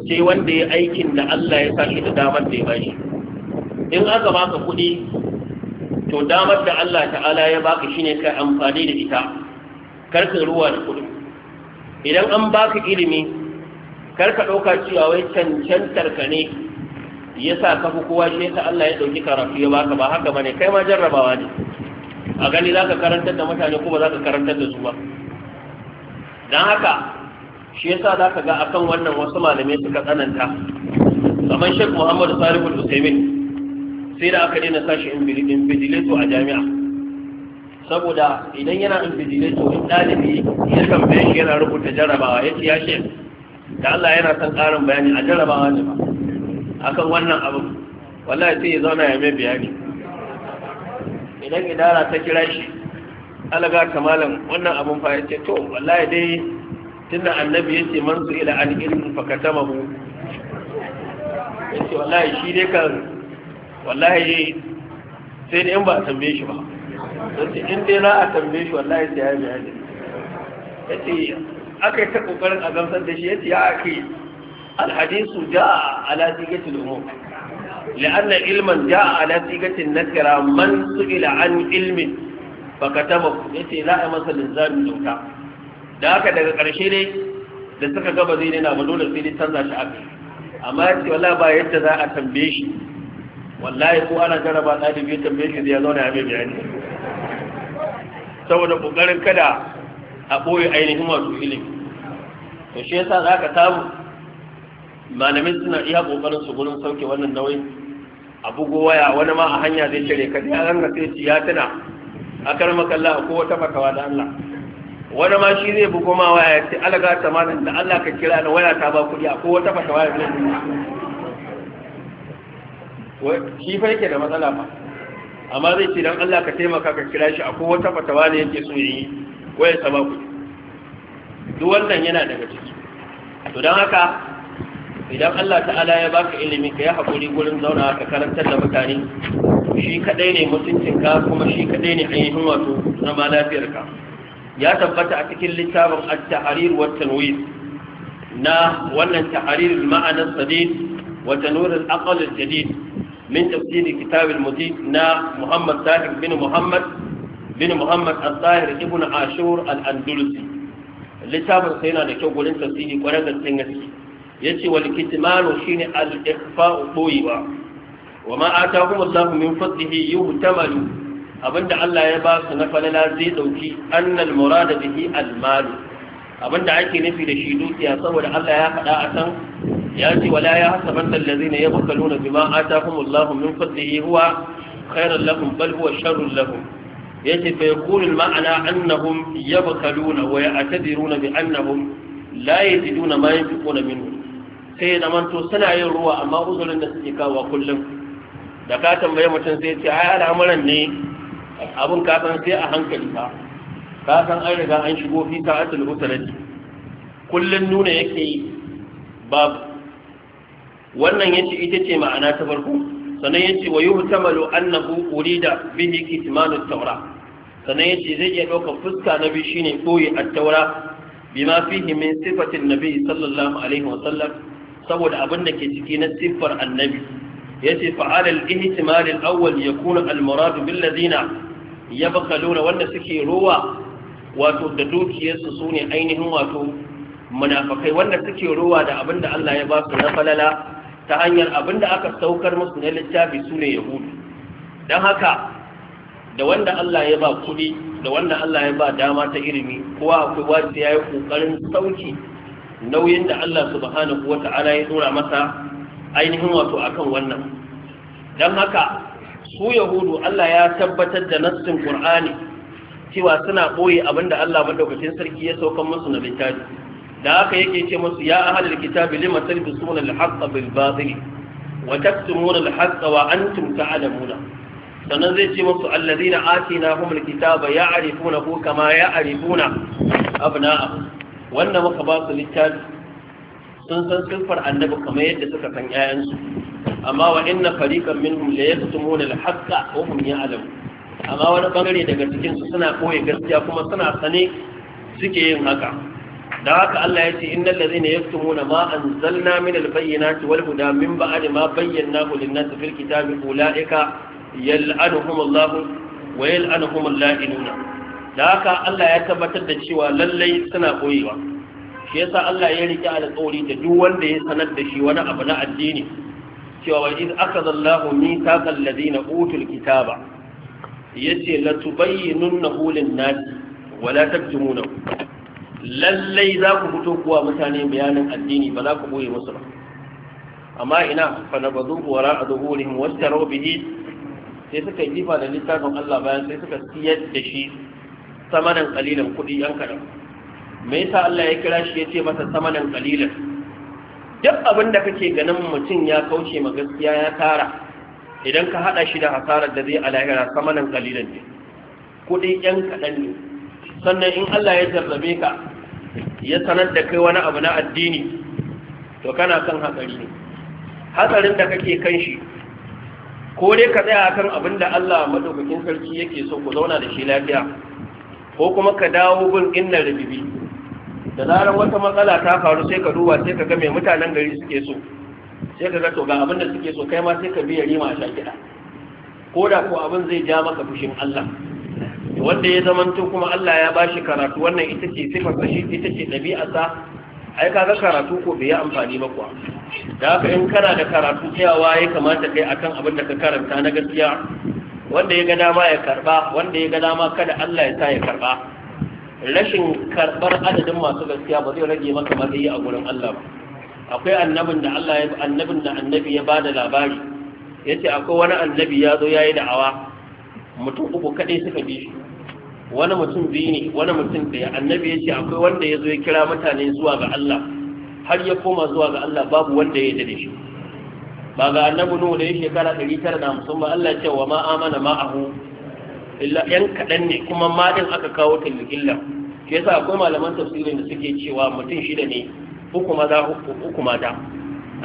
sai wanda ya aikin da Allah ya sa shi da damar da ya bashi in aka baka kuɗi to damar da Allah ta'ala ya baka shine kai amfani da ita karka ruwa da kuɗi idan an baka ilimi karka ɗauka cewa wai cancantar ka ne yasa ka fi kowa shi yasa Allah ya ɗauki karatu ya baka ba haka bane kai ma jarrabawa ne a gani za ka karantar da mutane kuma za ka karantar da su ba don haka shi yasa za ka ga akan wannan wasu malamai suka tsananta kamar shek muhammad salihu usaimin sai da aka daina sashi invigilato a jami'a saboda idan yana invigilato in ɗalibi ya tambaye shi yana rubuta jarabawa ya ce ya da Allah yana son ƙarin bayani a jarabawa ne ba akan wannan abu wallahi sai ya zauna ya mai bayani idan idara ta kira shi alaga kamalan wannan abun fa yace to wallahi dai tunda annabi yace man su ila an ilmi fa katamahu yace wallahi shi dai kan wallahi sai dai in ba tambaye shi ba yace in dai za a tambaye shi wallahi sai ya bayani yace aka yi ta kokarin a gamsar da shi yace ya ake alhadisu ja'a ala sigatil umum لأن علما جاء على سيقة النكرة من سئل عن علم فكتبه يتي لا أمس للزام دوتا ذاك daga ƙarshe ne da suka gaba zai nuna ba dole sai dai canza shi akai amma yace wallahi ba yadda za a tambaye shi wallahi ko ana jaraba ɗalibi ya tambaye shi ya zauna ya bai bayani saboda kokarin kada a ɓoye ainihin wato ilimi to shi yasa zaka samu malamin suna iya kokarin su gurin sauke wannan nauyin a bugo waya wani ma a hanya zai cire ka ya ranga sai ci ya tana a karma kalla ko wata fatawa da Allah wani ma shi zai bugo ma waya ya ce alaga ta malam da Allah ka kira na waya ta ba kuɗi ko wata fatawa da zai shi fa yake da matsala ba amma zai ce dan Allah ka taimaka ka kira shi a wata fatawa ne yake so yi waya ta ba kuɗi duk wannan yana daga ciki to don haka idan Allah ta'ala ya baka ilimi ka ya haƙuri gurin zauna ka karantar da mutane shi kadai ne mutuncinka kuma shi kadai ne ainihin wato zama lafiyarka ya tabbata a cikin littafin a tahrir wa tanwir na wannan tahrir ma'anar sadid wa tanwir al-aql al-jadid min tafsir kitab al-mudid na Muhammad sahib bin Muhammad bin Muhammad al-Tahir ibn Ashur al-Andalusi littafin sai yana da kyau gurin tafsiri kwarar da gaske yace wal kitmanu shine al ikfa'u boyewa wa ma atahum Allah min fadlihi yuhtamalu abinda Allah ya ba su na falala zai dauki annal murada bihi al mal abinda ake nufi da shi dukiya saboda Allah ya faɗa a san ya ce wala ya hasabanna allazina yabkhaluna bima atahum Allah min fadlihi huwa khairan lahum bal huwa sharrun lahum yace fa yakunu al ma'ana annahum yabkhaluna wa ya'tadiruna bi annahum la yajiduna ma yunfiquna minhu sai ya to suna yin ruwa amma uzurin da suke kawo kullum da ka tambaye mutum sai ce ai al'amuran ne abin ka san sai a hankali fa ka san an riga an shigo fi sa'atul usrati kullun nuna yake yi babu wannan yace ita ce ma'ana ta farko sannan yace wa yuhtamalu annahu urida bihi kitmanu tawra sannan yace zai iya dauka fuska na biyu shine koyi at-taura bima fihi min sifatin nabi sallallahu alaihi wa sallam saboda abin da ke ciki na siffar annabi yace fa'ala al-ihtimal al-awwal yakunu al-murad bil ladina yabkhaluna wanda suke ruwa wato da dukiyarsu sune ainihin wato munafikai wanda suke ruwa da abinda Allah ya ba su na falala ta hanyar abinda aka saukar musu na littafi sune yahudu dan haka da wanda Allah ya ba kuɗi da wanda Allah ya ba dama ta ilimi kowa akwai wajibi yayi kokarin sauki nauyin da Allah subhanahu wa ta'ala ya dora masa ainihin wato akan wannan dan haka su yahudu Allah ya tabbatar da nassin Qur'ani cewa suna boye abinda Allah madaukakin sarki ya sauka musu na littafi da haka yake ce musu ya ahlul kitabi lima talbisuna al-haqqa bil batil wa taktumuna al-haqqa wa antum ta'lamuna sannan zai ce musu allazina atinahumul kitaba ya'rifunahu kama ya'rifuna abna'ahum Wannan muka ba su littafi sun san siffar annabi kamar yadda suka san ƴaƴansu amma wa inna fariqan minhum la yaktumuna al-haqqa wa hum ya'lamun amma wani bangare daga cikin su suna koyi gaskiya kuma suna sane suke yin haka da haka Allah ya ce innal ladhina yaktumuna ma anzalna min al-bayyinati wal huda min ba'di ma bayyanahu lin-nasi fil kitabi ulaika yal'anuhum wa yal'anuhum lainuna da haka Allah ya tabbatar da cewa lallai suna koyewa shi yasa Allah ya rike alƙawari da duk wanda ya sanar da shi wani abu na addini cewa wa iz akhadha Allahu mithaqal ladina utul kitaba yace la tubayyinunahu lin-nas wa la taktumunah lallai za ku fito kuwa mutane bayanin addini ba za ku boye musu ba amma ina fa nabadu wara adhurihim wastaru bihi sai suka yi jifa da littafin Allah bayan sai suka siyar da shi samanan kalilan kuɗi yan kaɗan me yasa Allah ya kira shi ya ce masa samanan kalilan duk abin da kake ganin mutum ya kauce ma gaskiya ya tara idan ka haɗa shi da hasarar da zai alahira samanan kalilan ne kuɗi yan kaɗan ne sannan in Allah ya jarrabe ka ya sanar da kai wani abu na addini to kana kan hatsari ne hatsarin da kake kan shi ko dai ka tsaya kan abin da Allah madaukakin sarki yake so ku zauna da shi lafiya ko kuma ka dawo gun inna rubibi da zarar wata matsala ta faru sai ka duba sai ka ga mai mutanen gari suke so sai ka ga to ga abin da suke so kai ma sai ka biya rima a shakira ko da ko abin zai ja maka fushin Allah wanda ya zamanto kuma Allah ya bashi karatu wannan ita ce sifar shi ita ce ɗabi'arsa ai ka ga karatu ko bai yi amfani ba kuwa da haka in kana da karatu cewa ya kamata kai akan abin da ka karanta na gaskiya wanda ya ga dama ya karba wanda ya ga dama kada Allah ya sa ya karba rashin karbar adadin masu gaskiya ba zai rage maka matsayi a gurin Allah ba akwai annabin da Allah ya annabin da annabi ya bada labari yace akwai wani annabi ya zo yayi da'awa mutum uku kadai suka bi shi wani mutum biyu ne wani mutum daya annabi yace akwai wanda ya zo ya kira mutane zuwa ga Allah har ya koma zuwa ga Allah babu wanda ya yarda da shi ba ga annabi nuhu da ya shekara 950 ba Allah ce wa ma amana ma ahu illa yan kaɗan ne kuma ma din aka kawo ta tilkilla shi yasa akwai malaman tafsirin da suke cewa mutum shida ne uku maza uku mata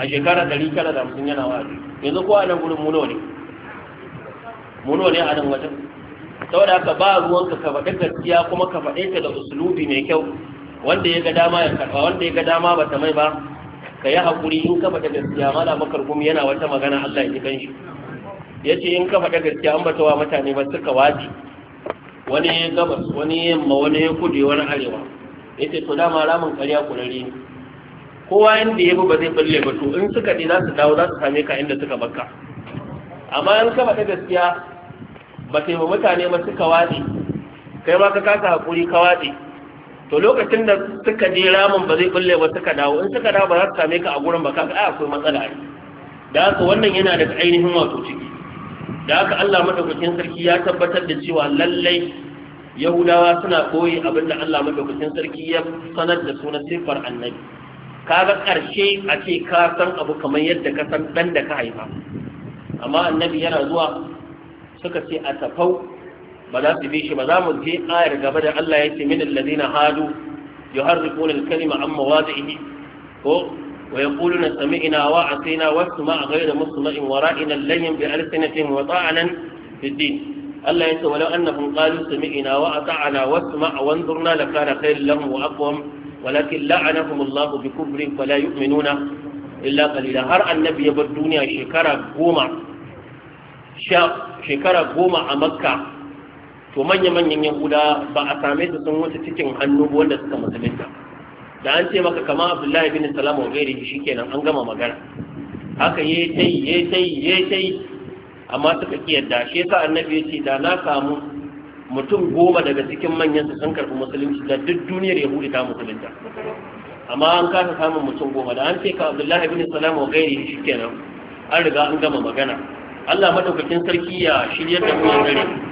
a shekara 950 yana wa'azi yanzu ko a nan gurin muno ne muno ne a nan wajen saboda haka ba ruwan ka faɗi gaskiya kuma ka faɗe ta da usulubi mai kyau wanda ya ga dama ya karɓa wanda ya ga dama ba ta mai ba ka yi haƙuri in ka faɗa gaskiya mala makar kuma yana wata magana Allah ya kan shi ya ce in ka faɗa gaskiya an batawa wa mutane ba suka wace wani ya gabas wani yamma wani ya kudu wani arewa ya ce to dama ramin ƙarya kurare ne kowa inda ya fi ba zai balle ba to in suka ɗi za su dawo za su same ka inda suka baka. amma in ka faɗa gaskiya ba sai mutane ba suka wace kai ma ka kasa haƙuri ka wace to lokacin da suka je ramin ba zai kulle ba suka dawo in suka dawo ba za su same ka a gurin ba kaga akwai matsala ne da haka wannan yana da ainihin wato ciki da haka Allah madaukakin sarki ya tabbatar da cewa lallai yahudawa suna koyi abinda da Allah madaukakin sarki ya sanar da sunan sifar annabi kaga karshe a ce ka san abu kamar yadda ka san dan da ka haifa amma annabi yana zuwa suka ce a tafau ba za su bi shi ba za mu je ayar gaba da Allah ya ce min alladhina hadu yuharrifuna al-kalima an mawadihi ko wa yaquluna sami'na wa asina wasma ghayra muslimin wara'ina al-layyin bi alsinatihim wa ta'anan fi din Allah ya ce walau annahum qalu sami'na wa ata'ana wasma wa anzurna lakana khayran lahum wa aqwam walakin la'anahum Allah bi kufrihim fala yu'minuna illa qalila har annabi ya bar duniya shekara goma shekara goma a makka to manya-manyan yahuda ba a same su sun wuce cikin hannu wanda suka musulunta da an ce maka kama abdullahi bin salama wa gairi shi kenan an gama magana haka ye tai ye tai ye tai amma suka ki yadda shi yasa annabi ya ce da na samu mutum goma daga cikin manyan su sun karbi musulunci da duk duniyar yahudi ta musulunta amma an kasa samun mutum goma da an ce ka abdullahi bin salama wa gairi shi kenan an riga an gama magana Allah madaukakin sarki ya shiryar da mu gare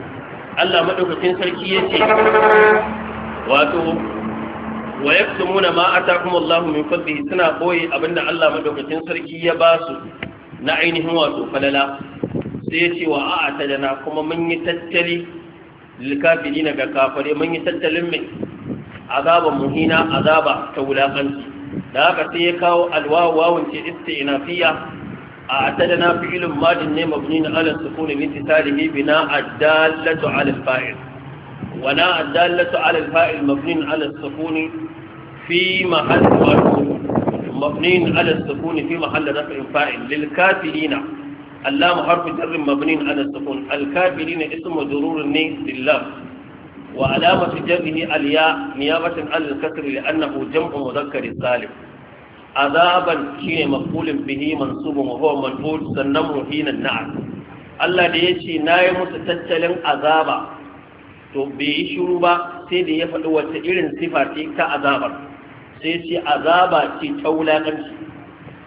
Allah maɗaukacin sarki ce, wato wa yaktumuna ma atakum Allah min suna boye abinda Allah maɗaukacin sarki ya ba su na ainihin wato falala sai yace wa a'atadana kuma mun yi tattali lilkafirina ga kafare mun yi tattalin mai azaba muhina azaba ta wulakanci da haka sai ya kawo alwawu wawun ce istinafiya أعتدنا فعل ماض مبني على السكون لاتصاله بناء الدالة على الفاعل وناء الدالة على الفاعل مبني على السكون في محل مبني على السكون في محل رفع فاعل للكافرين اللام حرف جر مبني على السكون الكافرين اسم مجرور لله وعلامة جره الياء نيابة عن الكسر لأنه جمع مذكر سالم azaban shine makulin bihi mansubun wa huwa sannan muhinan na'at Allah da yace yi musu tattalin azaba to bai yi shiru ba sai da ya faɗi wata irin sifa ce ta azabar sai ce azaba ce ta wulaƙanci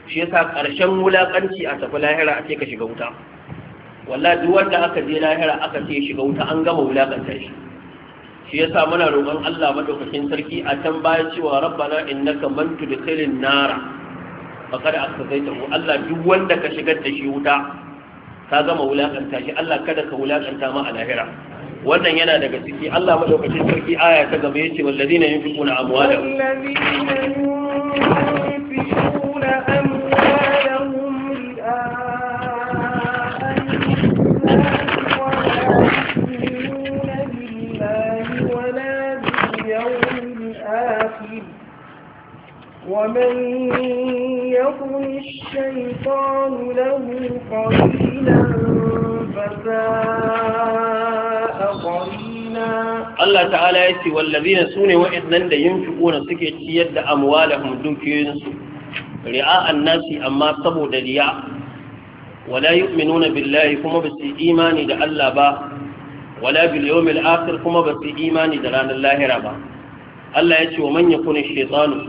shi sa ƙarshen wulaƙanci a tafi lahira ake ka shiga wuta wallahi duk wanda aka je lahira aka ce shiga wuta an gama wulaƙanta shi shi yasa muna roƙon Allah madaukakin sarki a can baya cewa rabbana innaka man tudkhilin nara faqad akhzaytahu Allah duk wanda ka shigar da shi wuta ka gama wulakanta shi Allah kada ka wulakanta ma a lahira wannan yana daga ciki Allah madaukakin sarki aya ta gaba yace wallazina yunfiquna amwalahum wallazina ومن يكن الشيطان له قليلا فساء قليلا الله تعالى يأتي والذين سوني وإذن دا ينفقون سكي يد أموالهم دوكين رعاء الناس أما صبوا دليا ولا يؤمنون بالله كما بس إيمان دا الله با ولا باليوم الآخر كما بس إيمان دا الله ربا الله يأتي ومن يكون الشيطان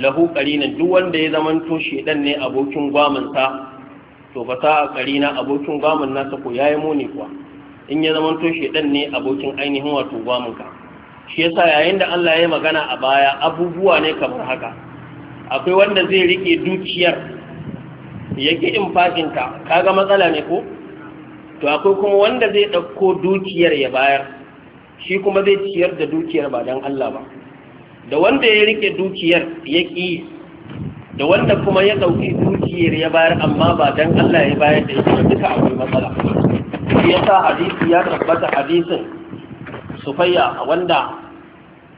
lahu qarina duk wanda ya zamanto shedan ne abokin gwamin sa to fa sa qarina abokin gwamin ko yayi muni kuwa in ya zamanto shedan ne abokin ainihin wato gwamin ka shi yasa yayin da Allah ya magana a baya abubuwa ne kamar haka akwai wanda zai rike dukiyar yake in ta kaga matsala ne ko to akwai kuma wanda zai ɗauko dukiyar ya bayar shi kuma zai ciyar da dukiyar ba dan Allah ba da wanda ya rike dukiyar ya ƙi da wanda kuma ya ɗauki dukiyar ya bayar amma ba dan Allah ya bayar da ita duka akwai matsala shi ya sa hadisi ya tabbata hadisin sufayya wanda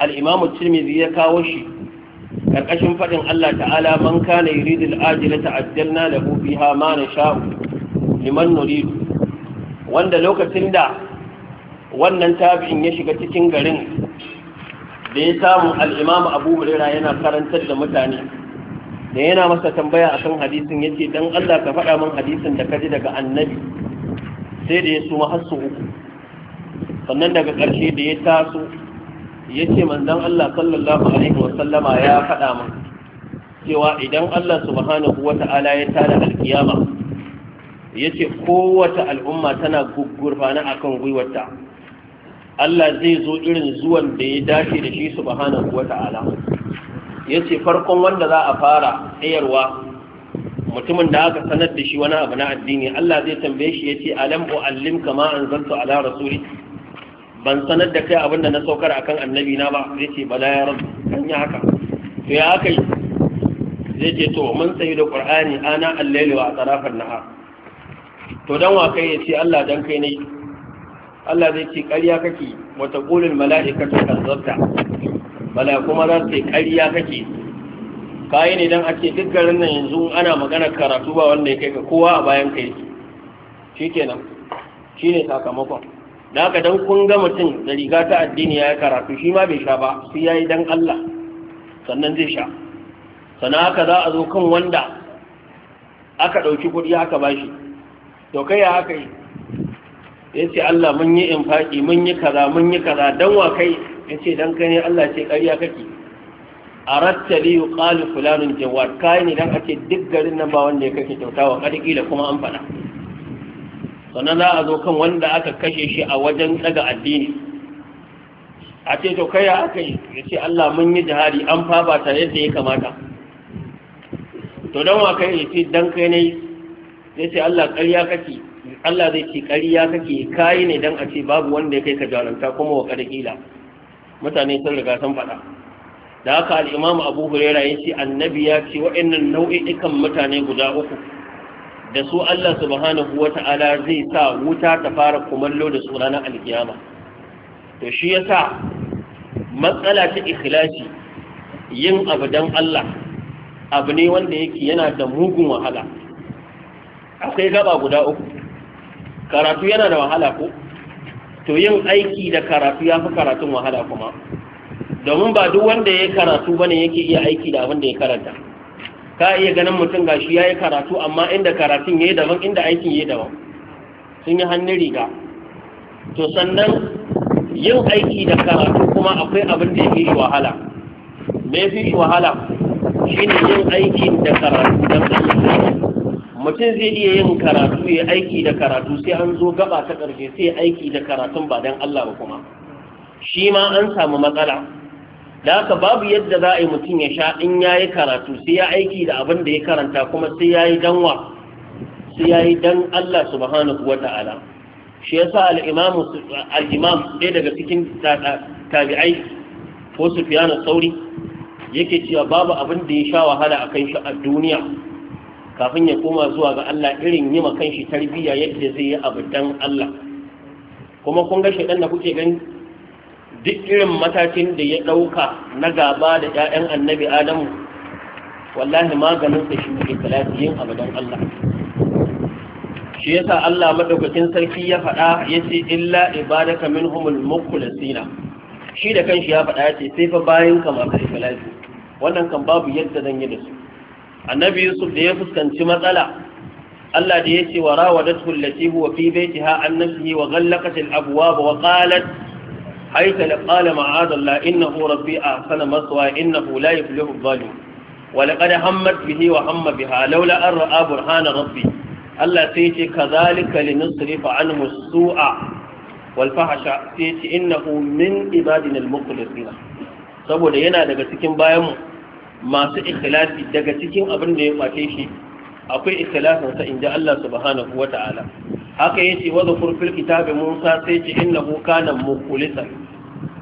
al-imamu tirmidhi ya kawo shi karkashin faɗin Allah ta'ala man kana yuridu al-ajilata ajjalna lahu fiha ma nasha'u liman nurid wanda lokacin da wannan tabi'in ya shiga cikin garin da ya samu al'imamu abu hurera yana karantar da mutane da yana masa tambaya a kan hadisin ya ce don allah ka faɗa min hadisin da ka ji daga annabi sai da ya suma har uku sannan daga ƙarshe da ya taso ya ce manzon allah sallallahu alaihi wasallama ya faɗa min cewa idan allah subhanahu wa ta'ala ya tada alkiyama ya ce kowace al'umma tana gurfana akan gwiwarta Allah zai zo irin zuwan da ya dace da shi subhanahu wata'ala ce farkon wanda za a fara tsayarwa mutumin da aka sanar da shi wani abu na addini Allah zai tambaye shi yace alam uallimka ma anzaltu ala rasuli ban sanar da kai abinda na saukar akan annabi na ba zai ce bala ya rabu kan yi haka to ya haka zai ce to mun tsayi da qur'ani ana allailu wa atrafan nahar to dan wa kai yace Allah dan kai ne Allah zai ce ƙarya kake wata ƙulin ta kazzabta bala kuma za su ƙarya kake kayi ne don a ce duk garin nan yanzu ana magana karatu ba wanda ya kai ka kowa a bayan kai shi kenan shi ne sakamakon da haka don kun ga mutum da riga ta addini ya yi karatu shi ma bai sha ba sai ya yi don Allah sannan zai sha za a zo kan wanda aka ɗauki kuɗi aka bashi to kai haka yi ya ce Allah mun yi infaki mun yi kaza mun yi kaza don wa kai ya ce don kai ne Allah ce ƙarya kake a rattali yi ƙali fulanin jawar kayan idan a ce duk garin nan ba wanda ya kake kyauta wa ƙarƙila kuma an faɗa sannan za a zo kan wanda aka kashe shi a wajen ɗaga addini a ce to kai aka yi ya ce Allah mun yi jihari an ta yadda ya kamata to don wa kai ya ce don kai ne ya ce Allah ƙarya kake Allah zai ce ƙarya kake kayi ne dan a ce babu wanda ya kai ka jarumta kuma wa ƙila mutane sun riga sun faɗa da haka al-Imam Abu ya ce annabi ya ce wa'annan nau'ikan mutane guda uku da su Allah subhanahu wata'ala zai sa wuta ta fara kumallo da su ranar alkiyama to shi yasa matsala ta ikhlasi yin abu dan Allah abu ne wanda yake yana da mugun wahala akwai gaba guda uku karatu yana da wahala ko to yin aiki da karatu ya fi karatun wahala kuma domin ba duk wanda ya karatu bane yake iya aiki da abin da ya karanta ka iya ganin mutum gashi ya yi karatu amma inda karatun ya yi daban inda aikin ya yi daban sun yi hannun riga to sannan yin aiki da karatu kuma akwai abin da ya fi wahala me fi wahala shi ne yin aikin da karatu don mutum zai iya yin karatu ya aiki da karatu sai an zo gaba ta ƙarshe sai aiki da karatun ba don Allah ba kuma shi ma an samu matsala da haka babu yadda za a yi mutum ya sha in ya yi karatu sai ya aiki da abin da ya karanta kuma sai ya yi danwa sai ya yi dan Allah subhanahu wa ta'ala shi yasa al-imam al-imam ɗaya daga cikin tabi'ai ko sufyan sauri yake cewa babu abin da ya sha wahala a akan shi a duniya kafin ya koma zuwa ga Allah irin yi makan shi tarbiyya yadda zai yi abu dan Allah kuma kun ga shaidan da kuke gani duk irin matakin da ya ɗauka na gaba da 'ya'yan annabi Adamu wallahi maganin sa shi ne talafiyin abu dan Allah shi yasa Allah madaukakin sarki ya faɗa yace illa ibadaka minhumul mukhlasina shi da kanshi ya faɗa yace sai fa bayin ka masu talafi wannan kan babu yadda zan yi da su annabi yusuf da ya fuskanci matsala Allah da yace wa rawadatu allati huwa fi baytiha an nafsihi wa ghallaqat al-abwab wa qalat hayta laqala ma'ad Allah innahu rabbi ahsana maswa innahu la yuflihu adh-dhalim wa laqad hammat bihi wa hamma biha laula an ra'a burhana rabbi Allah sai yace kadhalika linusrifa anhu sua wal fahsha sai yace innahu min ibadina al-mukhlisin saboda yana daga cikin bayanmu masu ikhlasi daga cikin abin da ya kwace shi akwai ikhlasin sa inda Allah subhanahu wata'ala haka yace wa zakur fil kitabi Musa sai ce innahu kana mukhlisan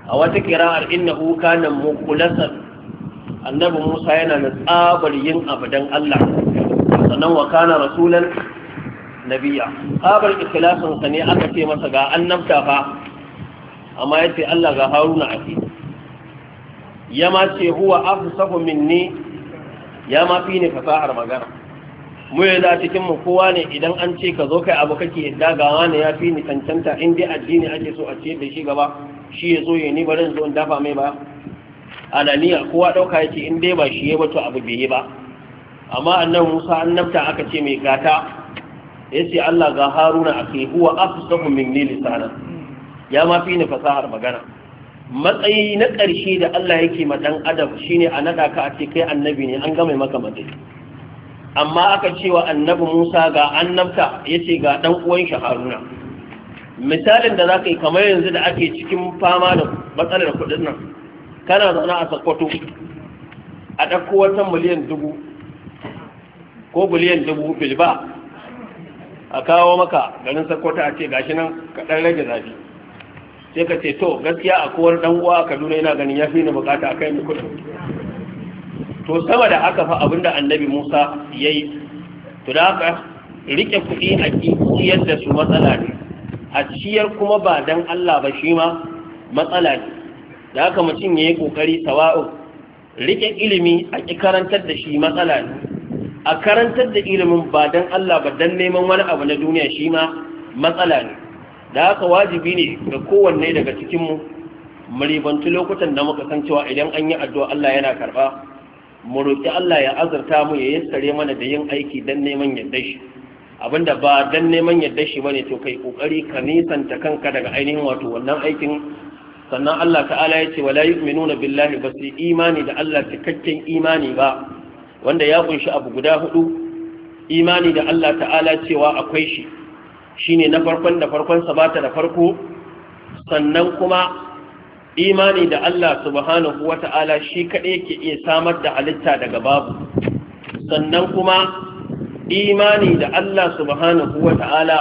a wata qira'ar innahu kana mukhlasan annabi Musa yana da tsabar yin abadan dan Allah sannan wa kana rasulan nabiya tsabar ikhlasin sa ne aka ce masa ga annabta fa amma yace Allah ga Haruna a ciki ya ma ce huwa afsahu minni ya ma fi ni fasahar magana mu da cikin mu kowa ne idan an ce ka zo kai abu kake yadda ga wani ya fi ni tantanta in dai addini ake so a ce da shi gaba shi ya zo ya ni bari zo in dafa mai ba ananiya kowa dauka yake in dai ba shi ya bato abu bai yi ba amma annabi Musa annabta aka ce mai gata yace Allah ga Haruna akai huwa afsahu minni lisana ya ma fi ni fasahar magana matsayi na ƙarshe da Allah yake ma ɗan adam shine a naɗa ka a ce kai annabi ne an gama maka matsayi amma aka cewa annabi Musa ga annabta yace ga ɗan uwan shi Haruna misalin da zaka yi kamar yanzu da ake cikin fama da matsalar kuɗin nan kana zauna a Sokoto a ɗauko wata miliyan dubu ko miliyan dubu bilba a kawo maka garin Sokoto a ce gashi nan kaɗan rage zafi sai ka ce to gaskiya a kowar dan uwa a kaduna yana ganin ya fi ni bukata a kai ni to sama da aka fa abinda annabi musa ya yi to da aka rike kuɗi a ciyar da su matsala ne a ciyar kuma ba dan allah ba shi ma matsala ne da aka mutum ya yi ƙoƙari sawa'u rike ilimi a ƙi karantar da shi matsala ne a karantar da ilimin ba dan allah ba dan neman wani abu na duniya shi ma matsala ne da haka wajibi ne ga kowanne daga cikinmu maribantu lokutan da muka san cewa idan an yi addu'a Allah yana karɓa mu roƙi Allah ya azurta mu ya yassare mana da yin aiki don neman yadda shi abinda ba don neman yadda shi bane to kai kokari ka nisanta kanka daga ainihin wato wannan aikin sannan Allah ta'ala ya ce wala yu'minuna billahi ba su imani da Allah cikakken imani ba wanda ya kunshi abu guda hudu imani da Allah ta'ala cewa akwai shi shine na farkon da farkon sa da farko sannan kuma imani da Allah subhanahu ta'ala shi kaɗai ke iya samar da halitta daga babu sannan kuma imani da Allah subhanahu ta'ala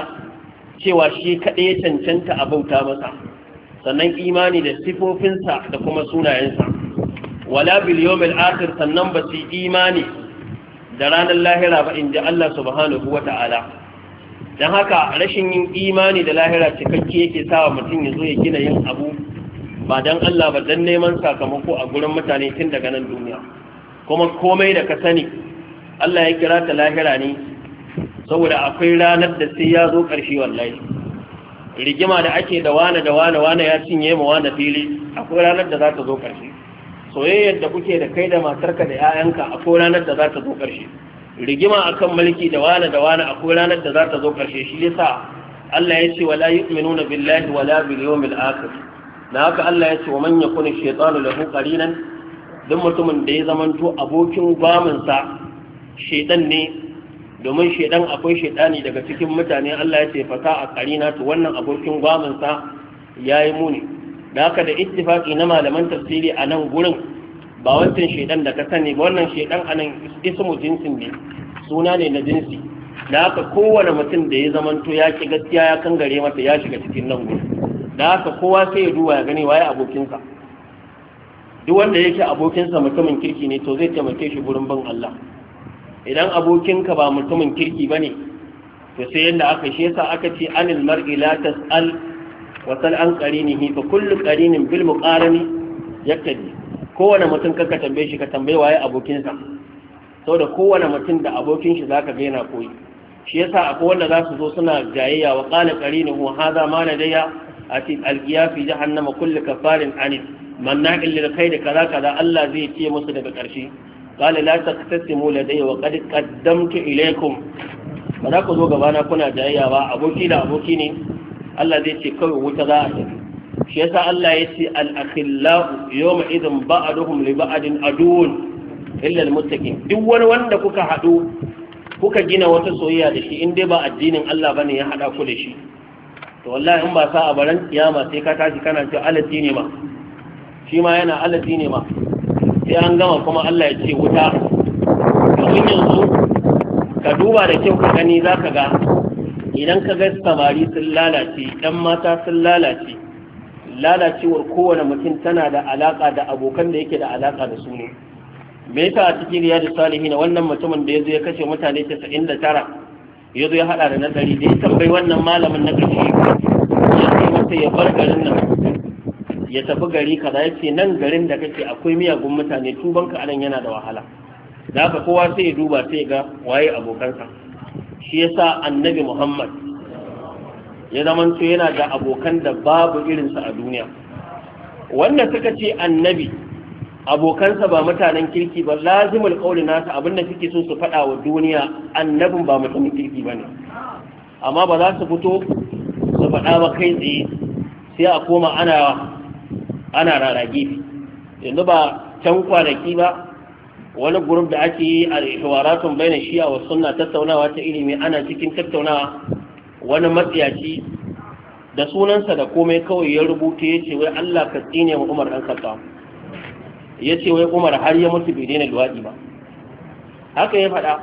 cewa shi kaɗai ya cancanta a bauta masa sannan imani da sifofinsa da kuma sunayensa wala bil yawmil akhir sannan ba su imani da ranar lahira ba inda Allah subhanahu ta'ala. don haka rashin yin imani da lahira cikakke yake sawa mutum ya zo ya gina yin abu ba don Allah ba don neman sakamako a gurin mutane tun daga nan duniya kuma komai da ka sani Allah ya kira ta lahira ne saboda akwai ranar da sai ya zo ƙarshe wallahi rigima da ake da wane da wane wane ya cinye ma wane fili akwai ranar da za ta zo ƙarshe soyayyar da kuke da kai da matarka da 'ya'yanka akwai ranar da za ta zo ƙarshe rigima akan mulki da wani da wani akwai ranar da za ta zo karshe shi yasa Allah ya ce wala yu'minuna billahi wala bil yawmil akhir na haka Allah ya ce wa man yakun shaytanu lahu qarinan duk mutumin da ya zamanto abokin bamansa shaytan ne domin shaytan akwai shaytani daga cikin mutane Allah ya ce fata a qarina to wannan abokin ya yayi muni da haka da ittifaqi na malaman tafsiri a nan gurin ba wancan shaidan da ka sani ba wannan shaidan anan ismu jinsin ne suna ne na jinsi da haka kowane mutum da ya zamanto ya ki gaskiya ya gare mata ya shiga cikin nan gudu da haka kowa sai ya duba ya gani waye abokinsa duk wanda yake abokinsa mutumin kirki ne to zai taimake shi gurin bin Allah idan abokinka ba mutumin kirki bane to sai yadda aka shi yasa aka ce anil mar'i la tas'al wa sal an qarinihi fa kullu qarinin bil muqarani yakadi kowane mutum kanka tambaye shi ka tambaye waye abokinsa da kowane mutum da abokin shi zaka ga yana koyi shi yasa akwai wanda za su zo suna jayayya wa qala qarinu hadha ma ladayya ati alqiya fi jahannama farin kafarin Manna manna'il kai da kaza kaza Allah zai ce musu daga karshe qala la taqtasimu ladayya wa qad qaddamtu ilaykum ba za ku zo gabana kuna jayayya ba aboki da aboki ne Allah zai ce kawai wuta za a tafi shi yasa Allah ya ce al-akhillau yawma idhin ba'duhum li ba'din adun illa al-muttaqin duk wani wanda kuka hadu kuka gina wata soyayya da shi in dai ba addinin Allah bane ya hada ku da shi to wallahi in ba sa a baran kiyama sai ka tashi kana cewa Allah dine ma shi ma yana Allah dine ma sai an gama kuma Allah ya ce wuta domin yanzu ka duba da kyau ka gani zaka ga idan ka ga samari sun lalace ɗan mata sun lalace lalacewar kowane mutum tana da alaka da abokan da yake da alaka da su ne me yasa a cikin riyadu salihin wannan mutumin da yazo ya kashe mutane 99 yazo ya hada da nazari da ya tambayi wannan malamin na kashe ya ce masa ya bar garin nan ya tafi gari kaza yace nan garin da kake akwai miyagun mutane tuban ka anan yana da wahala da haka kowa sai ya duba sai ga waye abokansa shi yasa annabi Muhammad ya zamanto yana da abokan da babu irinsa a duniya wanda suka ce annabi abokansa ba mutanen kirki ba lazimul kauli nasa abinda suke so su faɗa wa duniya annabin ba mutumin kirki ba ne amma ba za su fito su faɗa ba kai tsaye sai a koma ana ana rarage yanzu ba can kwanaki ba wani grup da ake yi a shawaratun bayan a wasu suna tattaunawa ta ilimi ana cikin tattaunawa wani matsiyaci da sunansa da komai kawai ya rubuta ya ce wai Allah ka tsine wa Umar ɗan Khattab ya ce wai Umar har ya mutu bai daina luwaɗi ba haka ya faɗa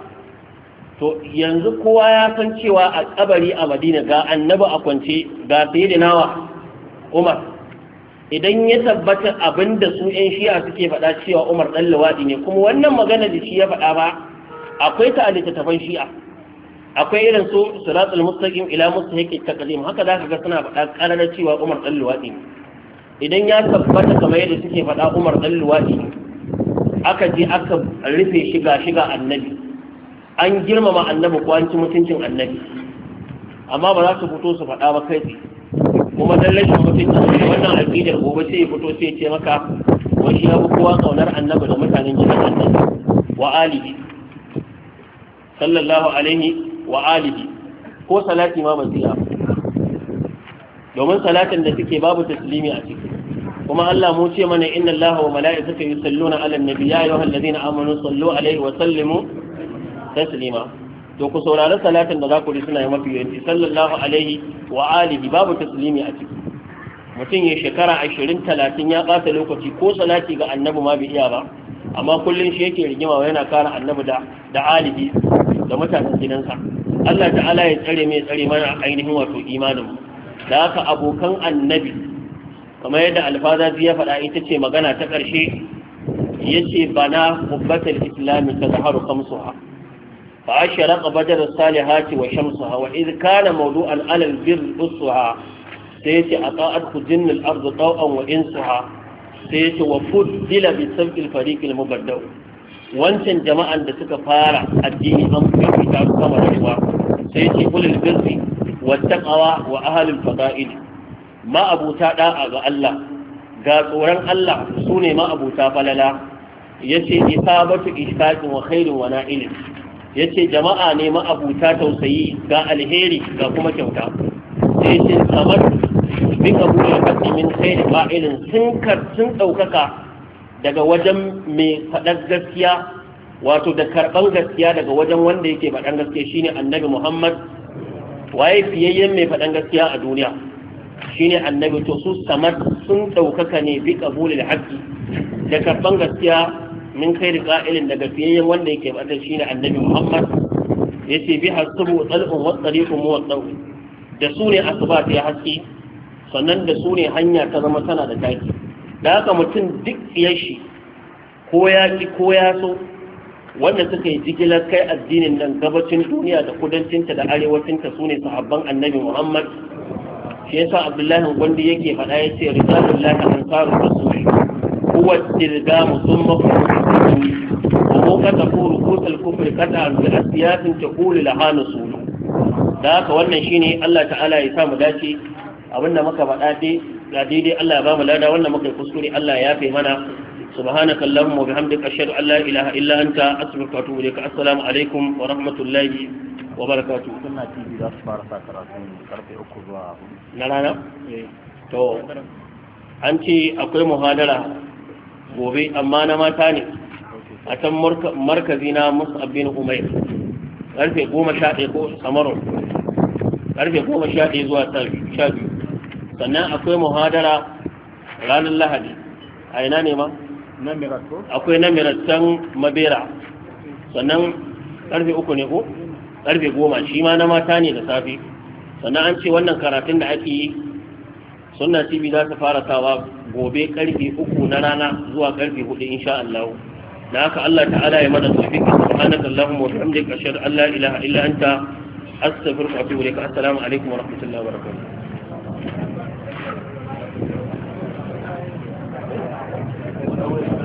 to yanzu kowa ya san cewa a kabari a Madina ga annabi a kwance ga da nawa Umar idan ya tabbata abinda da su ƴan shi'a suke faɗa cewa Umar ɗan luwaɗi ne kuma wannan magana da shi ya faɗa ba akwai ta a littattafan shi'a akwai irin su siratul mustaqim ila mustahiqi taqdim haka zaka ga suna faɗa ƙarara cewa Umar dan luwadi idan ya tabbata kamar yadda suke faɗa Umar dan luwadi aka je aka rufe shiga shiga annabi an girmama annabi ko an ci mutuncin annabi amma ba za su fito su faɗa ba kai kuma dan rashin mutuncin wannan aqidar gobe sai ya fito sai ya ce maka wani ya fi kowa kaunar annabi da mutanen gidan annabi wa alihi sallallahu alaihi wa alihi ko salati ma ba zai domin salatin da suke babu taslimi a ciki kuma Allah mu ce mana inna Allah wa mala'ikata yusalluna ala nabi ya ayyuha alladhina amanu sallu alaihi wa sallimu taslima to ku saurari salatin da za ku suna yi mafi yanci sallallahu alaihi wa alihi babu taslimi a ciki mutum ya shekara ashirin talatin ya kasa lokaci ko salati ga annabi ma bai iya ba amma kullum shi yake rigima yana kara annabi da da alihi da mutanen gidansa Allah ta'ala ya tsare mai tsare mana ainihin wato imanin da haka abokan annabi kamar yadda alfazazi ya faɗa ita ce magana ta ƙarshe ya ce bana kubbatar islami ta zaharu kamsuha fa ashara qabadar salihati wa shamsuha wa idh kana mawdu'an alal birr usuha sai yace ata'at kujinnal ardu taw'an wa insuha sai yace wa fuddila bi sabqil fariqil mubaddaw wancan jama'an da suka fara addini an fi su kama rayuwa. ruwa sai ce ulul birri wattaqawa wa ahlul fada'il ma abuta da ga Allah ga tsoron Allah sune ma abuta falala yace isabatu ishaqin wa khairun wa na'il yace jama'a ne ma abuta tausayi ga alheri ga kuma kyauta sai ce kamar bin abu ya min fa'ilin sun sun daukaka daga wajen mai faɗar gaskiya wato da karɓar gaskiya daga wajen wanda yake faɗan gaskiya shine annabi muhammad waye fiyayyen mai faɗan gaskiya a duniya shine annabi to su samar sun ɗaukaka ne bi kabulil haqqi da karɓar gaskiya min kai da ƙa'ilin daga fiyayyen wanda yake faɗan shine annabi muhammad ya ce bi hasubu tsal'un wa tsariqun muwaddau da su ne asuba ta haske sannan da su ne hanya ta zama tana da taki da haka mutum duk shi ko ya ki ko ya so wanda suka yi jigilar kai addinin nan gabacin duniya da kudancinta da arewacinta su ne sahabban annabi muhammad shi yasa abdullahi gwandi yake faɗa ya ce rijalun lahi an karu rasuli kuwa tilgamu sun mafi ko ka ko kufri kasa da asiyatin ta kuli lahanu sulu da haka wannan shine allah ta'ala ya sa mu dace abinda muka faɗa da daidai Allah ya ba mu lada wannan muka kuskure Allah ya fi mana subhanaka allahumma wa bihamdika ashhadu an la ilaha illa anta astaghfiruka wa atubu ilaik assalamu alaikum wa rahmatullahi wa barakatuh tv za su fara sa karatu karfe zuwa na rana eh. to an ce akwai muhadara gobe amma na mata ne a can markazi na musab bin umair karfe 11 ko samaru karfe 11 zuwa sannan akwai muhadara ranar lahadi a ina ne ma akwai na miratan mabera sannan karfe uku ne ko karfe goma shi ma na mata ne da safe sannan an ce wannan karatun da ake yi sunna tv za ta fara sawa gobe karfe uku na rana zuwa karfe hudu insha Allah da haka Allah ta'ala ya mana tafi subhanaka allahumma wa bihamdika ashhadu an la ilaha illa anta astaghfiruka wa atubu ilaik assalamu alaikum wa rahmatullahi wa barakatuh know it.